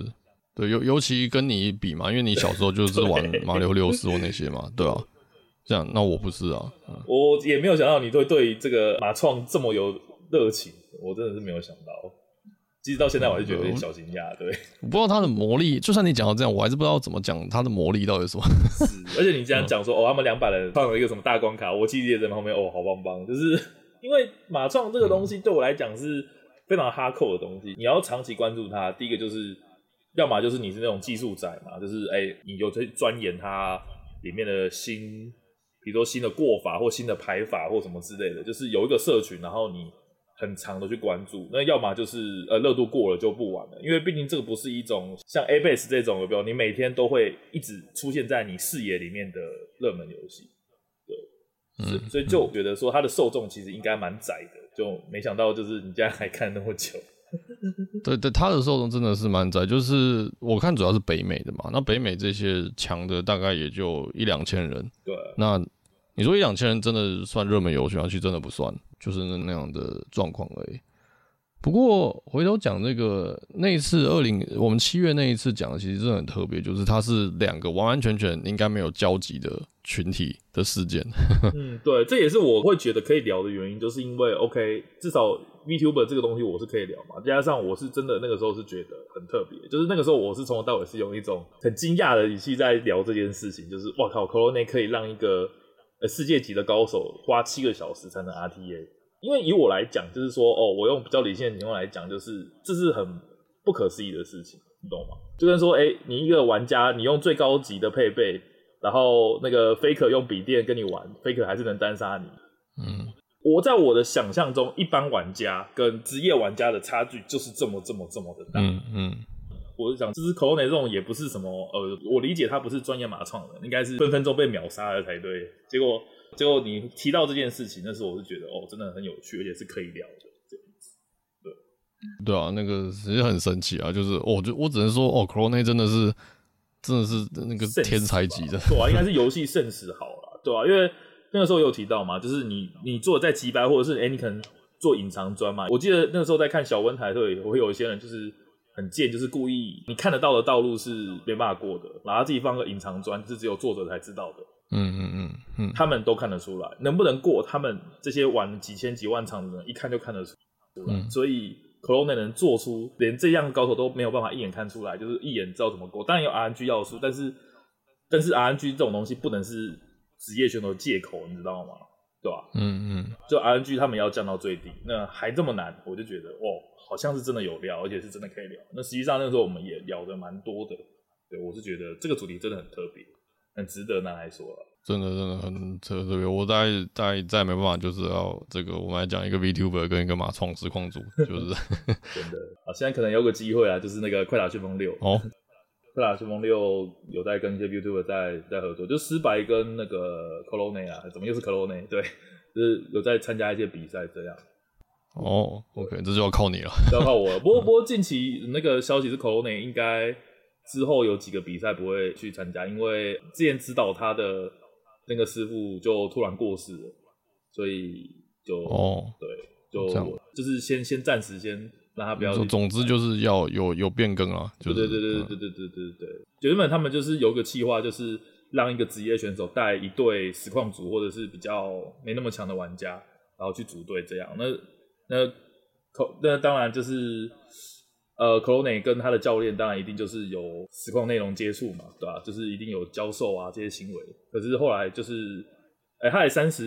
對尤尤其跟你比嘛，因為你小時候就是玩瑪利歐64那些嘛，對啊，這樣那我不是啊、嗯，我也沒有想到你對對這個馬創這麼有熱情，我真的是沒有想到。其實到現在我還是覺得有點小驚訝、嗯，對，我不知道他的魔力，就算你講到這樣，我還是不知道怎麼講他的魔力到底是什麼。是，而且你這樣講說、嗯、哦，他們兩百人放了一個什麼大關卡，我其實也在旁邊哦，好棒棒，就是因為馬創這個東西對我來講是。嗯非常哈扣的東西，你要長期關注它。第一個就是，要麼就是你是那種技術宅嘛，就是哎、欸，你就去鑽研它裡面的新，比如說新的過法或新的排法或什麼之類的。就是有一個社群，然後你很長的去關注。那要麼就是呃，熱度過了就不玩了，因為畢竟這個不是一種像 Apex 這種，有沒有？你每天都會一直出現在你視野裡面的熱門遊戲。對是，所以就覺得說它的受眾其實應該蠻窄的。就沒想到，就是你竟然還看那麼久 對。對對，他的受眾真的是蠻窄，就是我看主要是北美的嘛。那北美這些強的大概也就一兩千人。對，那你說一兩千人真的算熱門遊戲嗎？其實真的不算，就是那那樣的狀況而已。不過回頭講這、那個那一次二零，我們七月那一次講的其實真的很特別，就是它是兩個完完全全應該沒有交集的群體的事件。嗯，對，這也是我會覺得可以聊的原因，就是因為 OK，至少 VTuber 這個東西我是可以聊嘛，再加上我是真的那個時候是覺得很特別，就是那個時候我是從頭到尾是用一種很驚訝的語氣在聊這件事情，就是哇靠，克羅內可以讓一個、呃、世界級的高手花七個小時才能 RTA。因為以我來講，就是說，哦，我用比較理性的情況來講，就是這是很不可思議的事情，你懂嗎？就跟說，哎、欸，你一個玩家，你用最高級的配備，然後那個 Faker 用筆電跟你玩，Faker 還是能單殺你。嗯，我在我的想象中，一般玩家跟職業玩家的差距就是這麼這麼這麼的大。嗯，嗯我就想，這隻 Korone 這種也不是什麼，呃，我理解他不是專業馬創的，應該是分分鐘被秒殺了才對。結果。最後你提到這件事情，那時候我是覺得哦，真的很有趣，而且是可以聊的這樣子。對，對啊，那個其實很神奇啊，就是我、哦、就我只能說哦 Korone 真的是真的是那個天才級的。 對啊，應該是遊戲 sense 好了啦，對吧、啊？因為那個時候有提到嘛，就是你你做在奇葩或者是 a n y c i n 做隱藏磚嘛，我記得那個時候在看小文台的時候，我有一些人就是。很賤，就是故意你看得到的道路是沒辦法過的，然後自己放個隱藏磚，是只有作者才知道的。嗯嗯嗯，他們都看得出來，能不能過，他們這些玩幾千幾萬場的人一看就看得出來。嗯，所以 Korone 能做出連這樣高手都沒有辦法一眼看出來，就是一眼知道怎麼過。當然有 RNG 要素，但是但是 RNG 這種東西不能是職業選手借口，你知道嗎？對吧、啊？嗯嗯，就 RNG 他們要降到最低，那還這麼難，我就覺得哦。好像是真的有料，而且是真的可以聊。那實際上那個時候我們也聊得蠻多的。對，我是覺得這個主題真的很特別，很值得拿來說了。真的真的很特特別，我再再再沒辦法就是要這個我們來講一個 Vtuber 跟一個馬創實況組，就是 真的。好，現在可能有個機會啊，就是那個快打旋風六。哦， 快打旋風六有在跟一些 Vtuber 在在合作，就是思白跟那個 Korone 啊，怎麼又是 Korone？對，就是有在參加一些比賽這樣。哦、oh，OK，這就要靠你了，要靠我了。不過、嗯、不過，近期那個消息是，Corona 應該之後有幾個比賽不會去參加，因為之前指導他的那個師傅就突然過世了，所以就哦，oh，對，就就是先先暫時先讓他不要、嗯。總之就是要有有，有變更啊，就是對對對對，嗯、對對對對對對對，九月份他們就是有個計劃，就是讓一個職業選手帶一隊實況組或者是比較沒那麼強的玩家，然後去組隊這樣那。那可那當然就是呃，克羅內跟他的教練當然一定就是有實況內容接觸嘛，對吧、啊？就是一定有教授啊這些行為。可是後來就是，哎、欸，他也三十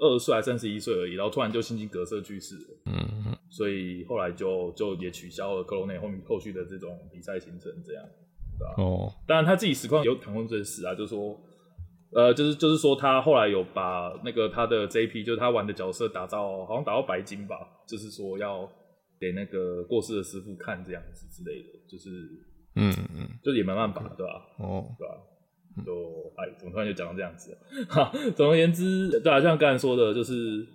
二歲還三十一歲而已，然後突然就心肌梗塞去世了。嗯，所以後來就就也取消了克羅內後面後，後續的這種比賽行程，這樣，對吧？哦，當然他自己實況有談論這件事啊，就說。呃，就是就是說，他後來有把那個他的 JP，就是他玩的角色打造，好像打到白金吧，就是說要給那個過世的師傅看這樣子之類的，就是，嗯嗯，就是也沒辦法，對吧、啊？哦，對吧、啊？就、嗯、哎，怎麼突然就講到這樣子了？哈， 總而言之，對啊，像剛才說的，就是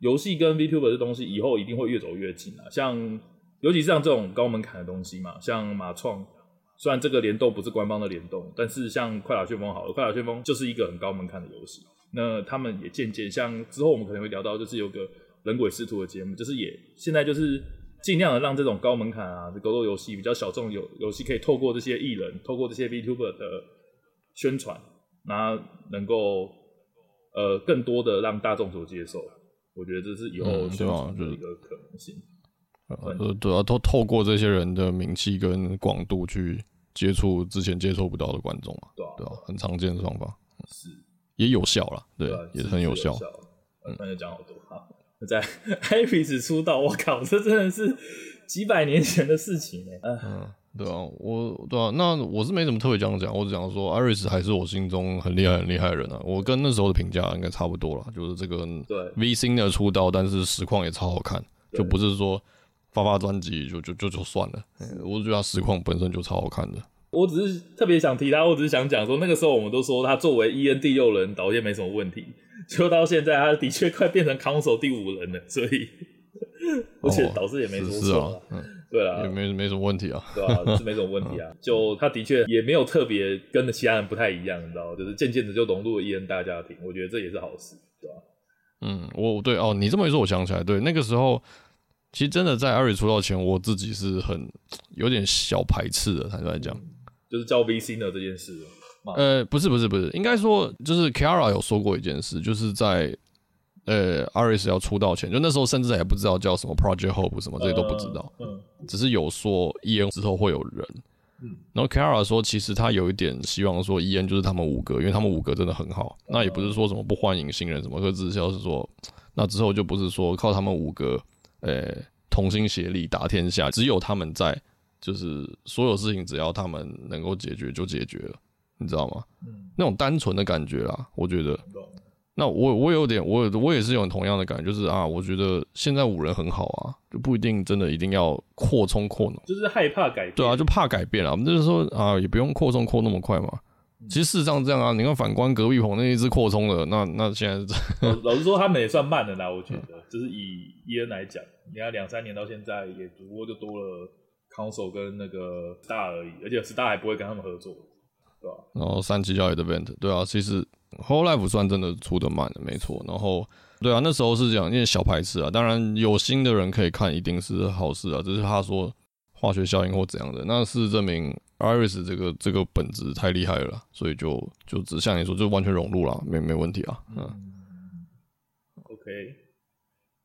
遊戲跟 VTuber 這東西以後一定會越走越近啊，像尤其是像這種高門檻的東西嘛，像馬創。雖然這個聯動不是官方的聯動，但是像快打旋風，好了，《快打旋風》好了，《快打旋風》就是一個很高門檻的遊戲。那他們也漸漸像之後我們可能會聊到，就是有個人鬼師徒的節目，就是也現在就是儘量的讓這種高門檻啊、格鬥遊戲，比較小眾遊遊戲，可以透過這些藝人、透過這些 VTuber 的宣傳，然後能夠呃更多的讓大眾所接受。我覺得這是以後希望的一個可能性、嗯。呃，對啊，都透過這些人的名氣跟廣度去。接觸之前接觸不到的觀眾嘛對，啊對啊，對啊，很常見的方法，是也有效了，對，對啊，也是很有效，有效。嗯，剛才講好多，好，我在 IRyS 出道，我靠，這真的是幾百年前的事情哎，欸。嗯， 對啊，我對啊，那我是沒怎麼特別這樣講，我只講說 IRyS 還是我心中很厲害很厲害的人啊。我跟那時候的評價應該差不多了，就是這個 v 對 V 新人的出道，但是實況也超好看，就不是說。發發專輯就就就就算了，欸，我覺得他實況本身就超好看的。我只是特別想提他，我只是想講說，那個時候我們都說他作為 E N 第六人導演沒什麼問題，結果到現在他的確快變成 console 第五人了，所以而且導師也沒說錯，啊，嗯，對啊，也沒沒什麼問題啊， 對啊，是沒什麼問題啊，就他的確也沒有特別跟其他人不太一樣，你知道就是漸漸的就融入了 E N 大家庭，我覺得這也是好事，對吧，啊？嗯，我對哦，你這麼一說，我想起來，對，那個時候。其實真的在 IRyS 出道前，我自己是很有點小排斥的。坦率講，就是叫 V C 呢這件事。呃，不是不是不是，應該說就是 Kara 有說過一件事，就是在呃 IRyS 要出道前，就那時候甚至還不知道叫什麼 Project Hope 什麼這些都不知道，嗯，只是有說 E N 之後會有人。嗯，然後 Kara 說，其實他有一點希望說 E N 就是他們五個，因為他們五個真的很好。那也不是說什麼不歡迎新人什麼，各自是說那之後就不是說靠他們五個。呃，同心協力打天下，只有他們在，就是所有事情只要他們能夠解決就解決了，你知道嗎？嗯、那種單純的感覺啦，我覺得。嗯、那我我也有點，我我也是有同樣的感覺，就是啊，我覺得現在五人很好啊，就不一定真的一定要擴充擴能。就是害怕改變。對啊，就怕改變了，我們就是說啊，也不用擴充擴那麼快嘛。其實事實上這樣啊，你看反觀隔壁棚那一只擴充了，那那現在是老老實說，他們也算慢的啦。我覺得， 就是以 E.N 來講，你看兩三年到現在也不過就多了 Council 跟那個 Star 而已，而且是 Star 還不會跟他們合作，對吧、啊？然後三期交易的 Advent 對啊，其實 Whole Life 算真的出得慢的，沒錯。然後對啊，那時候是這樣，因為小排斥啊，當然有心的人可以看，一定是好事啊，只、就是他說化學效應或怎樣的。那事實證明。IRyS 這個這個本質太厲害了，所以就就只像你說，就完全融入了啊，沒沒問題啊。嗯，OK。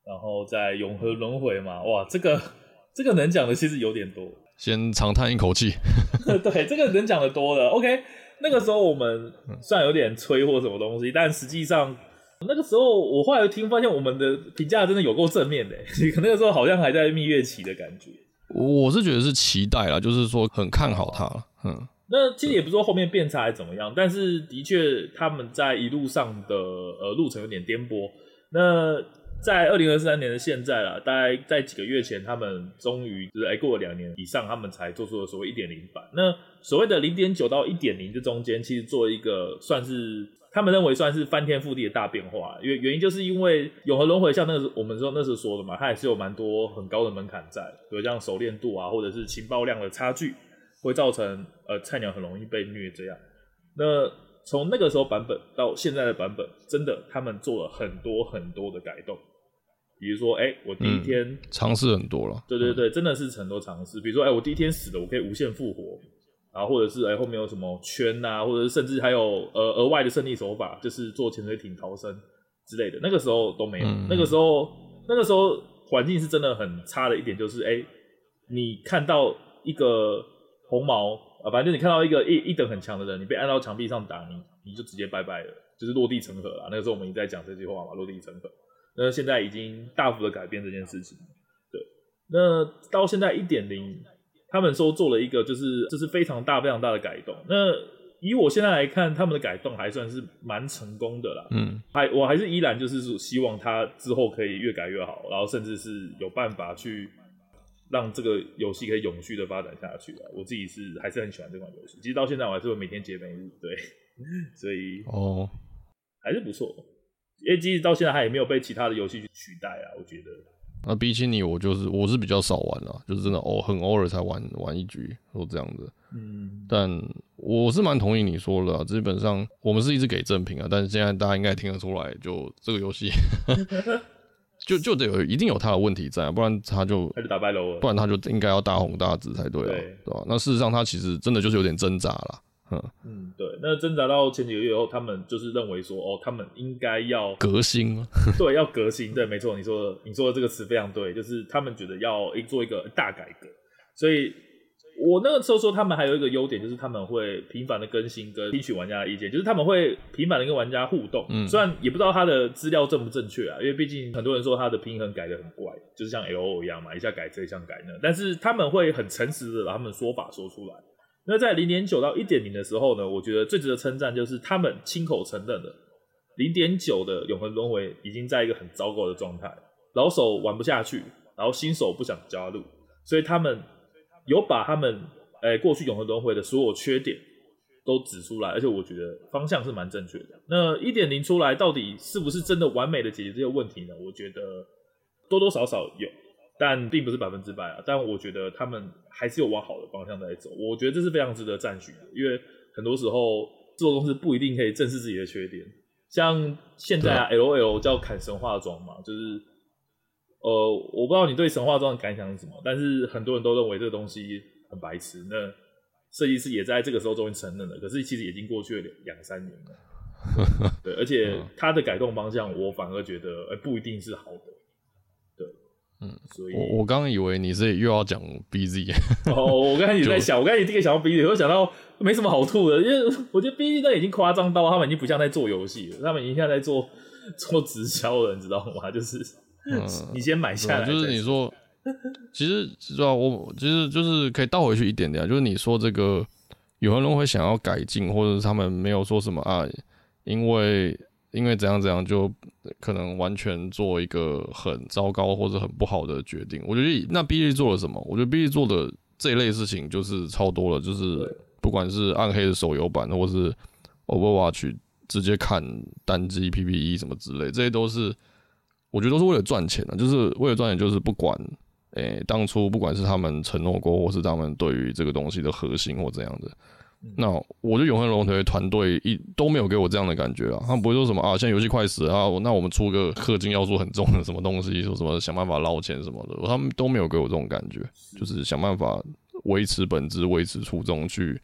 然後在永恆輪迴嘛，哇，這個這個能講的其實有點多。先長嘆一口氣。 對，這個能講的多了。OK，那個時候我們算有點催貨什麼東西，但實際上那個時候我後來聽發現，我們的評價真的有夠正面的，可 那個時候好像還在蜜月期的感覺。我是覺得是期待啦，就是說很看好他，嗯。那其實也不是說後面變差還是怎麼樣，但是的確他們在一路上的呃路程有點顛簸。那在二零二三年的現在啦，大概在幾個月前，他們終於就是過了兩年以上，他們才做出了所謂一點零版。那所謂的零點九到一點零這中間，其實做一個算是。他們認為算是翻天覆地的大變化，因原因就是因為永恆輪迴像那時、個、我們說那時候說的嘛，它也是有蠻多很高的門檻在，比如像熟練度啊，或者是情報量的差距，會造成呃菜鳥很容易被虐這樣。那從那個時候版本到現在的版本，真的他們做了很多很多的改動，比如說哎、欸，我第一天嘗試、嗯、很多了，對對對，真的是很多嘗試、嗯，比如說哎、欸，我第一天死了，我可以無限復活。啊，或者是哎、欸、後面有什麼圈啊，或者是甚至還有呃額外的勝利手法，就是做潛水艇逃生之類的。那個時候都沒有、嗯嗯，那個時候那個時候環境是真的很差的一點就是哎、欸，你看到一個紅毛啊、呃，反正你看到一個一一等很強的人，你被按到牆壁上打，你你就直接拜拜了，就是落地成盒了。那個時候我們一直在講這句話嘛，落地成盒。那現在已經大幅的改變這件事情。對，那到現在一點零。他們說做了一個，就是這是非常大、非常大的改動。那以我現在來看，他們的改動還算是蠻成功的啦。嗯，還我還是依然就是說，希望他之後可以越改越好，然後甚至是有辦法去讓這個遊戲可以永續的發展下去啦。我自己是還是很喜歡這款遊戲，其實到現在我還是會每天截每日，對， 所以哦，還是不錯，因為即使到現在還也沒有被其他的遊戲去取代啊，我覺得。那比起你，我就是我是比較少玩啦，就是真的偶、哦、很偶爾才玩玩一局或這樣子。嗯，但我是蠻同意你說的啦，基本上我們是一直給正評啊。但是現在大家應該聽得出來就，就這個遊戲 就就得有一定有它的問題在啦，不然它就不然它就應該要大紅大紫才對啊，對，對吧？那事實上它其實真的就是有點掙扎了。嗯嗯，對，那掙扎到前幾個月以後，他們就是認為說，哦，他們應該要革新， 對，要革新，對，沒錯，你說的，你說的這個詞非常對，就是他們覺得要做一個大改革。所以我那個時候說，他們還有一個優點，就是他們會頻繁的更新，跟聽取玩家的意見，就是他們會頻繁的跟玩家互動。嗯，雖然也不知道他的資料正不正確啊，因為畢竟很多人說他的平衡改的很怪，就是像 LO 一樣嘛，一下改這一項改那，但是他們會很誠實的把他們的說法說出來。那在零點九到一點零的時候呢？我覺得最值得稱讚就是他們親口承認的零點九的永恆輪迴已經在一個很糟糕的狀態，老手玩不下去，然後新手不想加入，所以他們有把他們、欸、過去永恆輪迴的所有缺點都指出來，而且我覺得方向是蠻正確的。那一點零出來到底是不是真的完美的解決這些問題呢？我覺得多多少少有。但並不是百分之百啊，但我覺得他們還是有往好的方向在走，我覺得這是非常值得讚許的，因為很多時候這種東西不一定可以正視自己的缺點，像現在啊，LOL 叫砍神話裝嘛，就是呃，我不知道你對神話裝的感想是什麼，但是很多人都認為這個東西很白痴，那設計師也在這個時候終於承認了，可是其實已經過去了兩三年了 對，對，而且他的改動方向我反而覺得哎、欸，不一定是好的。嗯，所以我我剛剛以為你是又要講 BZ，哦，我剛才也在想，我剛才一定可以想到 BZ，我想到沒什麼好吐的，因為我覺得 BZ 那已經誇張到他們已經不像在做遊戲了，他們已經像在做做直銷了，你知道嗎？就是、嗯、你先買下來、嗯，就是你說，其實知道、啊、我，其實就是可以倒回去一點點、啊，就是你說這個有的人會想要改進，或者是他們沒有說什麼啊，因為。因為怎樣怎樣就可能完全做一個很糟糕或者很不好的決定。我覺得那 B 站做了什麼？我覺得 B 站做的這一類事情就是超多了，就是不管是暗黑的手遊版，或是 Overwatch 直接看單機 PPE 什麼之類，這些都是我覺得都是為了賺錢啊，就是為了賺錢，就是不管誒當初不管是他們承諾過，或是他們對於這個東西的核心或這樣的。嗯、那我就永恆輪迴團隊一都沒有給我這樣的感覺啊，他們不會說什麼啊，現在遊戲快死啊，那我們出個氪金要素很重的什麼東西，說什麼想辦法撈錢什麼的，他們都沒有給我這種感覺，是就是想辦法維持本質、維持初衷去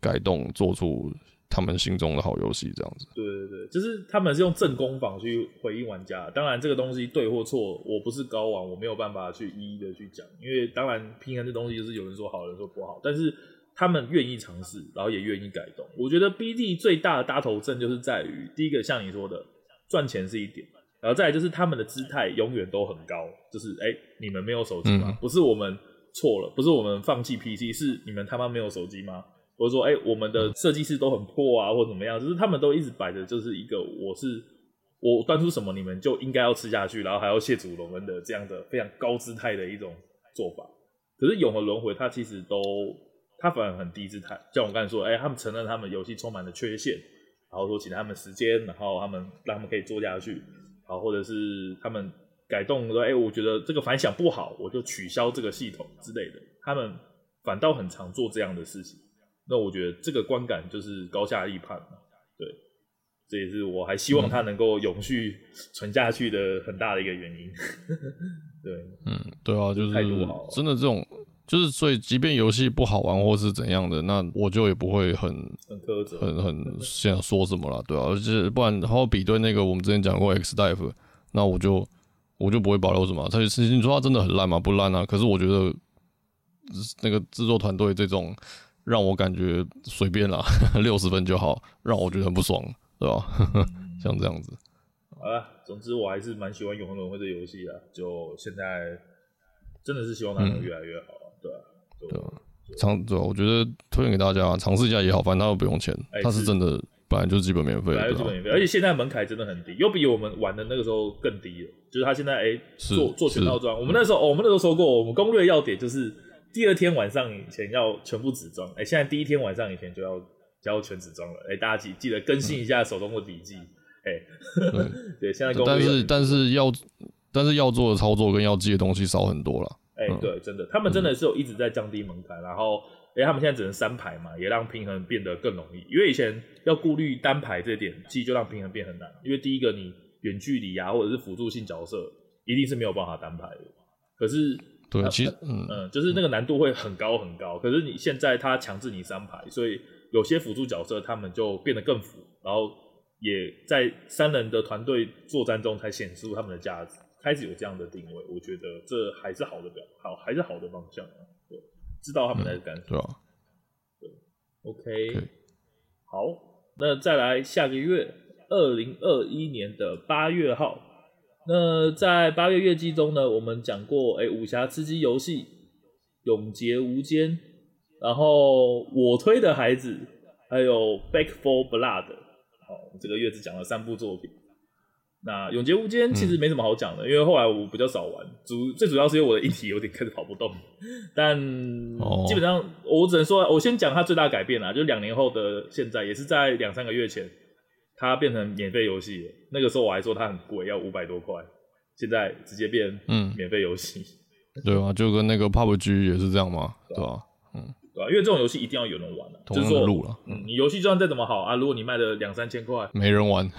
改動，做出他們心中的好遊戲這樣子。對對對，就是他們是用正攻防去回應玩家。當然，這個東西對或錯，我不是高玩，我沒有辦法去一一的去講，因為當然平衡這東西就是有人說好，有人說不好，但是。他們願意嘗試，然後也願意改動。我覺得 BD 最大的大頭症就是在於第一個，像你說的，賺錢是一點，然後再來就是他們的姿態永遠都很高，就是哎、欸，你們沒有手機嗎、嗯？不是我們錯了，不是我們放棄 PC，是你們他媽沒有手機嗎？或者說，哎、欸，我們的設計師都很破啊，或者怎麼樣？只、就是他們都一直擺着，就是一個我是我端出什麼，你們就應該要吃下去，然後還要謝主隆恩的這樣的非常高姿態的一種做法。可是永恆輪迴，它其實都。他反而很低姿態，像我剛才說，哎、欸，他們承認他們遊戲充滿了缺陷，然後說請他，他們時間，然後他們讓他們可以做下去，然後或者是他們改動說，哎、欸，我覺得這個反響不好，我就取消這個系統之類的。他們反倒很常做這樣的事情，那我覺得這個觀感就是高下立判。對，這也是我還希望他能夠永續存下去的很大的一個原因。嗯、 對，嗯，對啊，就是、就是、態度好真的這種。就是，所以即便遊戲不好玩或是怎樣的，那我就也不會很很苛責，很很想說什麼了，對吧，啊。而且不然，然後比對那個我們之前講過 X Dive，那我就我就不會保留什麼。他就是，你說他真的很爛嗎？不爛啊！可是我覺得那個制作團隊這種讓我感覺隨便啦六十分就好，讓我覺得很不爽，對吧、啊？ 像這樣子。好了，總之我還是蠻喜歡《永恆輪回》這遊戲的。就現在真的是希望它能越來越好。嗯對啊，對，對啊，嘗，對啊，我覺得推薦給大家嘗試一下也好，反正他又不用錢、欸，他是真的本來就是基本免費，本來就是基本免費、啊，而且現在門檻真的很低，又比我們玩的那個時候更低了。就是他現在哎、欸、做做全套裝，我們那時候、嗯哦、我們那時候說過，我們攻略要點就是第二天晚上以前要全部紙裝，哎、欸，現在第一天晚上以前就要就要全紙裝了，哎、欸，大家記記得更新一下手中的筆記，哎、嗯，欸、對, 對，現在攻略對，但是但是要但是要做的操作跟要記的東西少很多了。哎、欸，對，真的，他們真的是有一直在降低門檻、嗯，然後，哎、欸，他們現在只能三排嘛，也讓平衡變得更容易。因為以前要顧慮單排這一點，其實就讓平衡變很難。因為第一個，你遠距離啊，或者是輔助性角色，一定是沒有辦法單排的。可是，對，其實，嗯，嗯就是那個難度會很高很高。嗯、可是你現在他強制你三排，所以有些輔助角色他們就變得更輔，然後也在三人的團隊作戰中才顯出他們的價值。開始有這樣的定位，我覺得這還是好的表，好還是好的方向，啊。對，知道他們的感受。對、嗯、對 okay，OK，好，那再來下個月，二零二一年的八月號。那在八月月記中呢，我們講過，哎、欸，武俠吃雞遊戲《永劫無間》，然後我推的孩子，還有《Back 4 Blood》。好，這個月只講了三部作品。那永劫無間其實沒什麼好講的、嗯，因為後來我比較少玩，主最主要是因為我的一體有點開始跑不動。嗯、但基本上我只能說，我先講它最大改變啦，就兩年後的現在，也是在兩三個月前，它變成免費遊戲。那個時候我還說它很貴，要五百多塊，現在直接變免費遊戲。嗯、 對啊，就跟那個 PUBG 也是這樣嘛，對吧、啊啊啊。嗯，對吧、啊。因為這種遊戲一定要有人玩、啊、就是路、嗯嗯，、你遊戲就算再怎麼好啊，如果你賣了兩三千塊，沒人玩。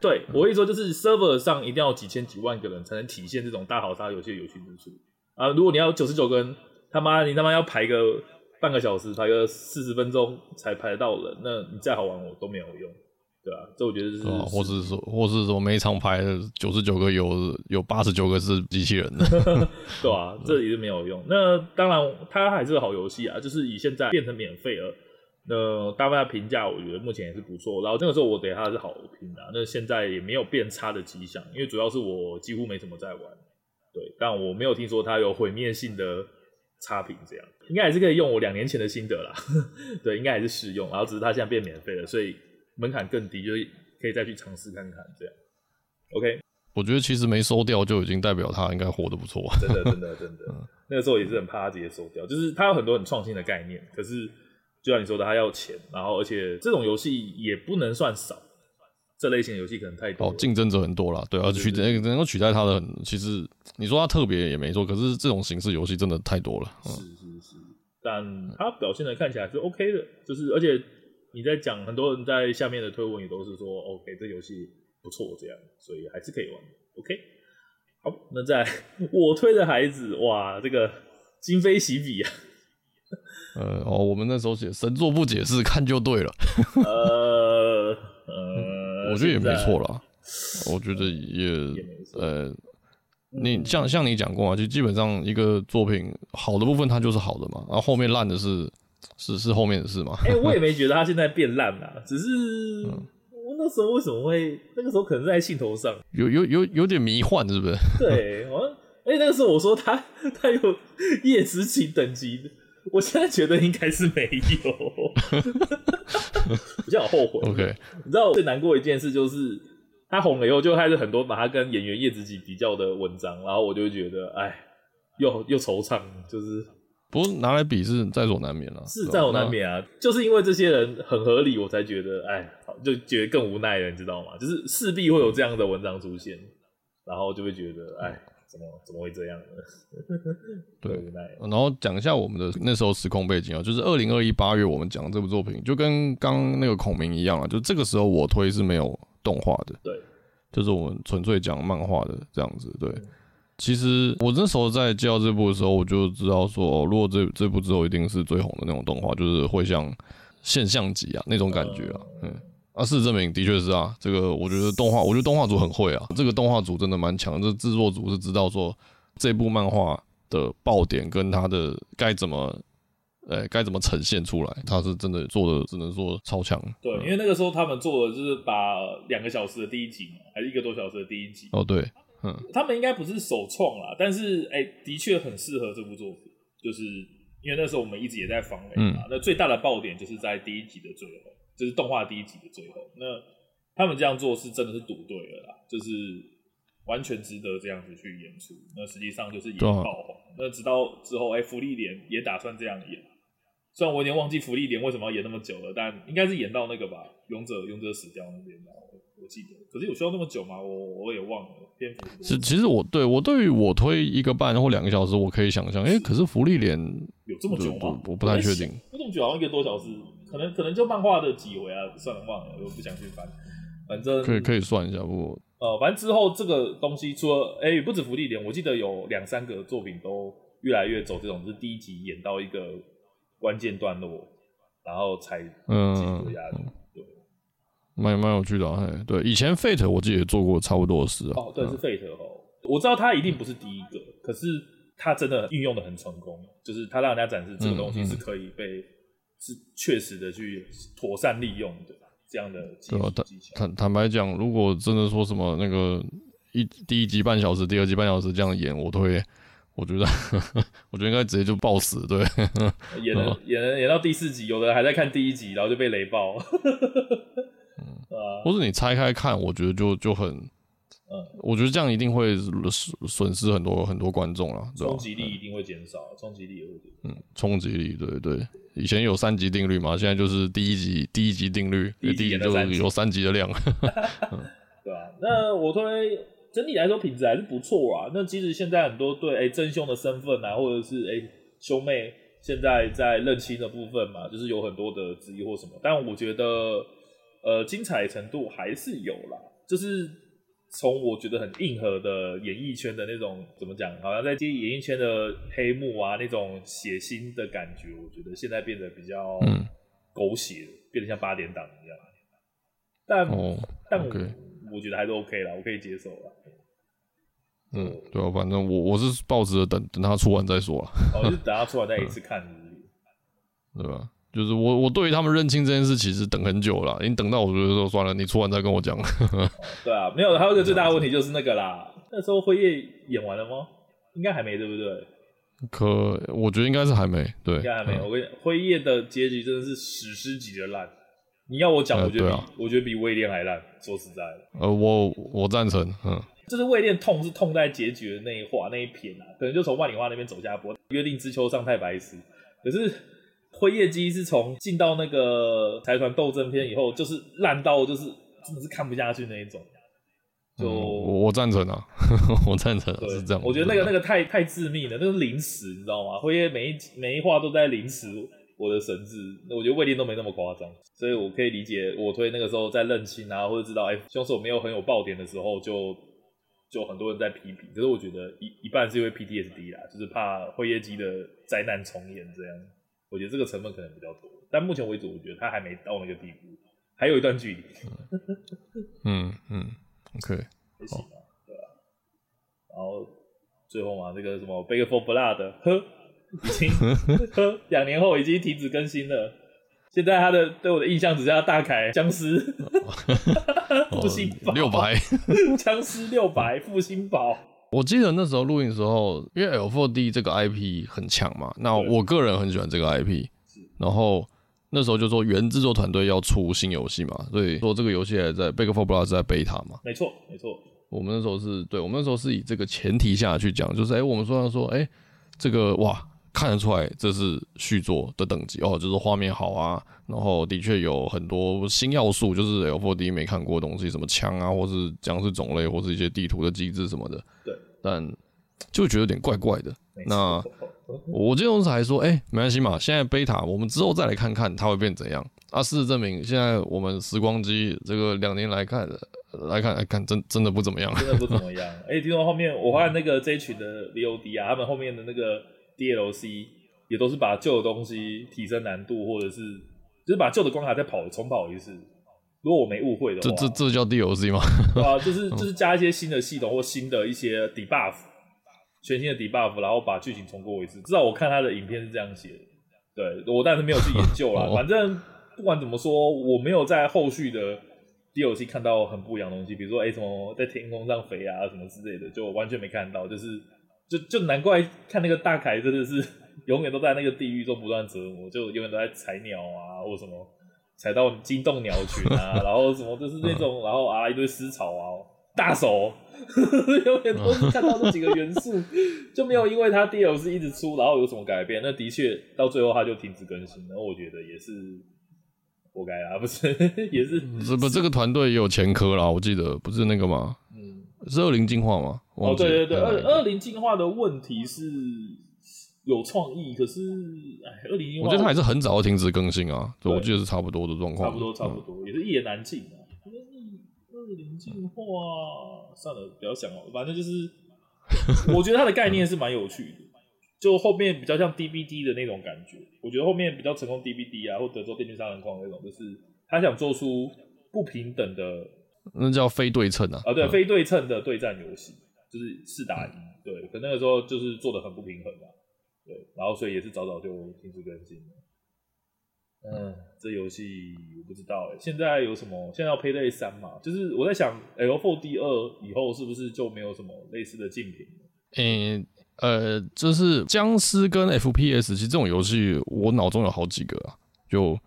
對，我跟你說就是 server 上一定要幾千幾萬個人才能體現這種大逃殺遊戲的有趣之處啊！如果你要九十九個人，他媽你他媽要排個半個小時，排個四十分鐘才排得到人，那你再好玩我都沒有用，對吧、啊？這我覺得是，是，或是說或是說每一場排九十九個有，有有八十九個是機器人的， 對吧、啊？這也是沒有用。那當然它還是個好遊戲啊，就是以現在變成免費了。那大部分的評價，我覺得目前也是不錯。然後那個時候我給他是好評的啊。那現在也沒有變差的跡象，因為主要是我幾乎沒怎麼在玩。對，但我沒有聽說它有毀滅性的差評，這樣應該還是可以用我兩年前的心得啦。呵呵，對，應該還是適用。然後只是它現在變免費了，所以門檻更低，就是可以再去嘗試看看這樣。OK，我覺得其實沒收掉就已經代表他應該活得不錯。真的，真的，真的。嗯，那個時候也是很怕他直接收掉，就是他有很多很創新的概念，可是。就像你說的，他要錢，然後而且這種遊戲也不能算少，這類型的遊戲可能太多哦、競爭者很多了，對、啊，而且取得能夠取代他的，其實你說他特別也沒錯，可是這種形式遊戲真的太多了，嗯、是是是，但他表現的看起來是 OK 的，就是而且你在講，很多人在下面的推文也都是說 OK，這遊戲不錯，這樣，所以還是可以玩，OK，好，那在我推的孩子，哇，這個今非昔比啊。呃哦，我們那時候寫神作不解釋，看就對了。 呃呃，我覺得也沒錯了、呃。我覺得也，呃，也沒呃，你像像你講過啊，就基本上一個作品好的部分它就是好的嘛，然、啊、後後面爛的是是是後面的事嘛。哎、 欸，我也沒覺得它現在變爛了，只是、嗯、我那時候為什麼會那個時候可能是在興頭上，有有有有點迷幻，是不是？ 對，好像哎那個時候我說他他有葉知情等級的。我現在覺得應該是沒有 我現在好後悔。OK，你知道我最難過的一件事就是他紅了以後，就開始很多把他跟演員葉子吉比較的文章，然後我就覺得哎，又又惆悵，就是不是拿來比是在所難免啊。是,是在所難免啊，就是因為這些人很合理，我才覺得哎，就覺得更無奈了，你知道嗎？就是勢必會有這樣的文章出現，嗯、然後就會覺得哎。怎麼怎麼會這樣呢？ 對，然後講一下我們的那時候時空背景啊，就是二零二一八月，我們講這部作品，就跟剛剛那個孔明一樣啊，就這個時候我推是沒有動畫的，對，就是我們純粹講漫畫的這樣子。對、嗯，其實我那時候在介紹這部的時候，我就知道說，哦，如果這這部之後一定是最紅的那種動畫，就是會像現象級啊那種感覺啊，嗯。嗯啊，事實證明，的確是啊。這個我覺得動畫，我覺得動畫組很會啊。這個動畫組真的蠻強。這製作組是知道說這部漫畫的爆點跟它的該怎麼，哎、欸，該怎麼呈現出來，它是真的做的，只能說超強。對、嗯，因為那個時候他們做的就是把兩個小時的第一集嘛，還是一個多小時的第一集。哦，對，嗯，他們應該不是首創啦，但是哎、欸，的確很適合這部作品，就是因為那時候我們一直也在防雷嘛。那最大的爆點就是在第一集的最後。這、就是動畫第一集的最後，那他們這樣做是真的是賭對了啦，就是完全值得這樣子去演出。那實際上就是演爆紅、啊，那直到之後，哎、欸，福利連也打算這樣演。雖然我有點忘記福利連為什麼要演那麼久了，但應該是演到那個吧，勇者勇者死掉那邊、啊、我，我記得。可是有需要那麼久嗎？我我也忘了。其實我對我對於我推一個半或兩個小時，我可以想象。哎、欸，可是福利連有這麼久嗎？我不太確定。那麼久好像一個多小時。可能可能就漫畫的幾回啊，算了，忘了，我不想去翻。反正、就是、可以可以算一下不，呃，反正之後這個東西，除了哎、欸，不止福利點，我記得有兩三個作品都越來越走這種，就是第一集演到一個關鍵段落，然後才嗯加。對，蠻、嗯、蠻有趣的、啊，哎，對，以前 Fate 我自己也做過差不多的事啊。哦，對，嗯、是 Fate 哦。我知道他一定不是第一個，可是他真的運用得很成功，就是他讓人家展示這個東西是可以被。嗯嗯是確實的，去妥善利用，對吧？這樣的、嗯啊、坦、坦白講，如果真的說什麼那個一第一集半小時，第二集半小時這樣演，我都會我覺得呵呵，我覺得應該直接就爆死，對。演能能 演、演到第四集，有的人還在看第一集，然後就被雷爆。嗯，或 者、啊、你拆開看，我覺得就就很、嗯，我覺得這樣一定會損失很多很多觀眾啦，衝擊、啊、力一定會減少，衝、嗯、擊力也會嗯，衝擊力，對對。以前有三集定律嘛，現在就是第一集，第一集定律，第一集就有三集的量， 對啊，那我推整體、嗯、來說品質還是不錯啊。那即使現在很多對誒真凶的身份啊，或者是誒、欸、兄妹現在在認親的部分嘛，就是有很多的質疑或什麼，但我覺得呃精彩程度還是有啦，就是。從我覺得很硬核的演藝圈的那種，怎麼講？好像在揭演藝圈的黑幕啊，那種血腥的感覺，我覺得現在變得比較狗血，嗯、變得像八點檔一樣。但、哦、但我、okay. 我覺得還是 OK 了，我可以接受了。嗯，對啊，反正我我是抱着等等他出完再說啊。哦，就是、等他出完再一次看是不是，對吧？就是我，我對於他們認清這件事，其實等很久了啦，已經等到我覺得說算了，你出完再跟我講、 哦。對啊，沒有，還有一個最大的問題就是那個啦。那時候輝夜演完了嗎？應該還沒，對不對？可我覺得應該是還沒。對，應該還沒、嗯。我跟你講，輝夜的結局真的是史詩級的爛。你要我講，我覺得，我覺得比偽戀、嗯啊、還爛。說實在的，呃，我我贊成。嗯，就是偽戀痛，是痛在結局的那一話那一篇啊，可能就從萬里花那邊走下坡，約定之秋上太白死可是。輝夜姬是從進到那個財團鬥爭篇以後，就是爛到就是真的是看不下去那一種。就我我贊成啊，我贊成，了我贊成了是這樣。我覺得那個那個太太致命了，那是個凌遲你知道嗎？輝夜每一每一話都在凌遲我的神智，我覺得未定都沒那麼誇張，所以我可以理解。我推那個時候在認清啊，或者知道哎兇手沒有很有爆點的時候就就就很多人在批評。可是我覺得一一半是因為 PTSD 啦，就是怕輝夜姬的災難重演這樣。我覺得這個成分可能比較多，但目前為止，我覺得它還沒到那個地步，還有一段距離。嗯嗯， 嗯，嗯，OK，好，對吧、啊？然後最後嘛，這個什麼《Back 4 Blood，呵，已經呵，兩 年後已經停止更新了。現在他的對我的印象只剩下大凱僵屍，復 興寶六百僵屍六百復興寶。我記得那時候錄影的時候，因為《L4D》這個 IP 很強嘛，那我個人很喜歡這個 IP。是。然後那時候就說原制作團隊要出新遊戲嘛，所以說這個遊戲還在《Back 4 Blood》是在 beta 嘛？沒錯，沒錯。我們那時候是對，我們那時候是以這個前提下去講，就是誒、欸，我們說要說哎、欸，這個哇看得出來這是續作的等級哦，就是畫面好啊，然後的確有很多新要素，就是《L4D》沒看過的東西，什麼槍啊，或是僵屍種類，或是一些地圖的機制什麼的。對。但就覺得有點怪怪的。那我這種人還說，哎、欸，沒關係嘛，現在 beta，我們之後再來看看它會變怎樣。啊，事實證明，現在我們時光機這個兩年來看，來看，來看，來看，真真的不怎麼樣，真的不怎麼樣。哎、 欸，聽說後面我發現那個這一群的 VOD 啊，他們後面的那個 DLC 也都是把舊的東西提升難度，或者是就是把舊的關卡再跑重跑一次。如果我沒誤會的話，這這這叫 DLC 嗎？ 啊，就是就是加一些新的系統或新的一些 debuff，全新的 debuff，然後把劇情重播一次。至少我看他的影片是這樣寫的，對，我但是沒有去研究啦， 反正不管怎麼說，我沒有在後續的 DLC 看到很不一樣的東西，比如說哎什麼在天空上飛啊什麼之類的，就完全沒看到。就是就就難怪看那個大凱真的是永遠都在那個地獄中不斷折磨，就永遠都在踩鳥啊或什麼。踩到驚動鳥群啊， 然後什麼就是那種， 然後啊一堆屍潮啊，大手呵，有 都，都是看到這幾個元素， 就沒有因為他 DLC 一直出，然後有什麼改變，那的確到最後他就停止更新，然後我覺得也是活該啊，不是也是什麼這個團隊也有前科啦，我記得不是那個嗎？嗯，惡靈進化嗎？哦，對對對，惡惡靈進化的問題是。有創意，可是哎，二零一，我覺得他還是很早就停止更新啊。就我記得是差不多的狀況。差不多，差不多，嗯，也是一言難盡啊。二零進化，嗯，算了，不要想了。反正就是， 我覺得他的概念是蠻有趣的，嗯，就後面比較像 DBD 的那種感覺。我覺得後面比較成功 DBD 啊，或德州電鋸殺人狂那種，就是他想做出不平等的，那叫非對稱啊。啊，對，嗯，非對稱的對戰遊戲，就是四打一，嗯，對。可那個時候就是做的很不平衡嘛，啊。對，然後所以也是早早就停止更新了嗯。嗯，這遊戲我不知道、欸、現在有什麼？現在要 Payday 3嘛？就是我在想，L Four D 二以後是不是就沒有什麼類似的競品？嗯，呃，就是僵屍跟 FPS 其實這種遊戲，我腦中有好幾個啊，就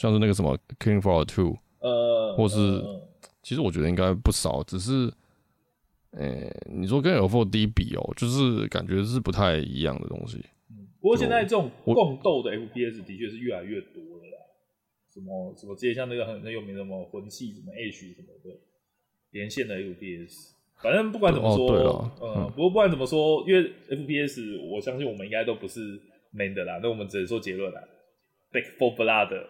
像是那個什麼 Killing Floor 2，呃，或是、呃、其實我覺得應該不少，只是，呃，你說跟 L Four D 比哦，就是感覺是不太一樣的東西。不過現在這種共鬥的 FPS 的確是越來越多了呀，什麼什麼，直接像那個很很有名的什麼魂系什麼 H 什麼的連線的 FPS，反正不管怎麼說、哦嗯嗯嗯，不過不管怎麼說，因為 FPS，我相信我們應該都不是 main 的啦，那我們只能說結論啦，Back 4 Blood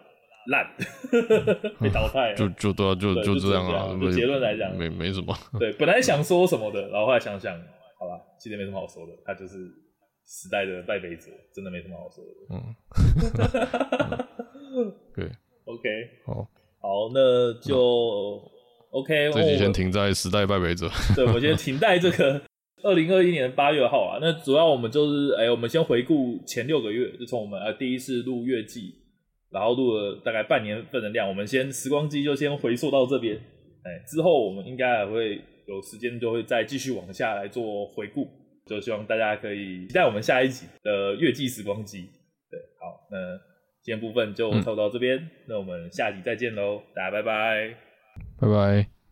爛 被淘汰了，就就對、啊、就對就這樣啊，就結論來講沒來沒,沒什麼，對，本來想說什麼的，然後後來想想，好吧，今天沒什麼好說的，它就是。時代的敗北者，真的沒什麼好說的。嗯，對、 嗯、okay,，OK，好，好，那就、嗯、OK、哦。這集先停在時代敗北者。對，我覺得停在這個二零二一年八月號啊。那主要我們就是，哎、欸，我們先回顧前六個月，就從我們呃第一次錄月記，然後錄了大概半年份的量，我們先時光機就先回溯到這邊。哎、欸，之後我們應該還會有時間，就會再繼續往下來做回顧。就希望大家可以期待我們下一集的《月記時光機》。對，好，那今天部分就抽到這邊、嗯，那我們下集再見嘍，大家拜拜，拜拜。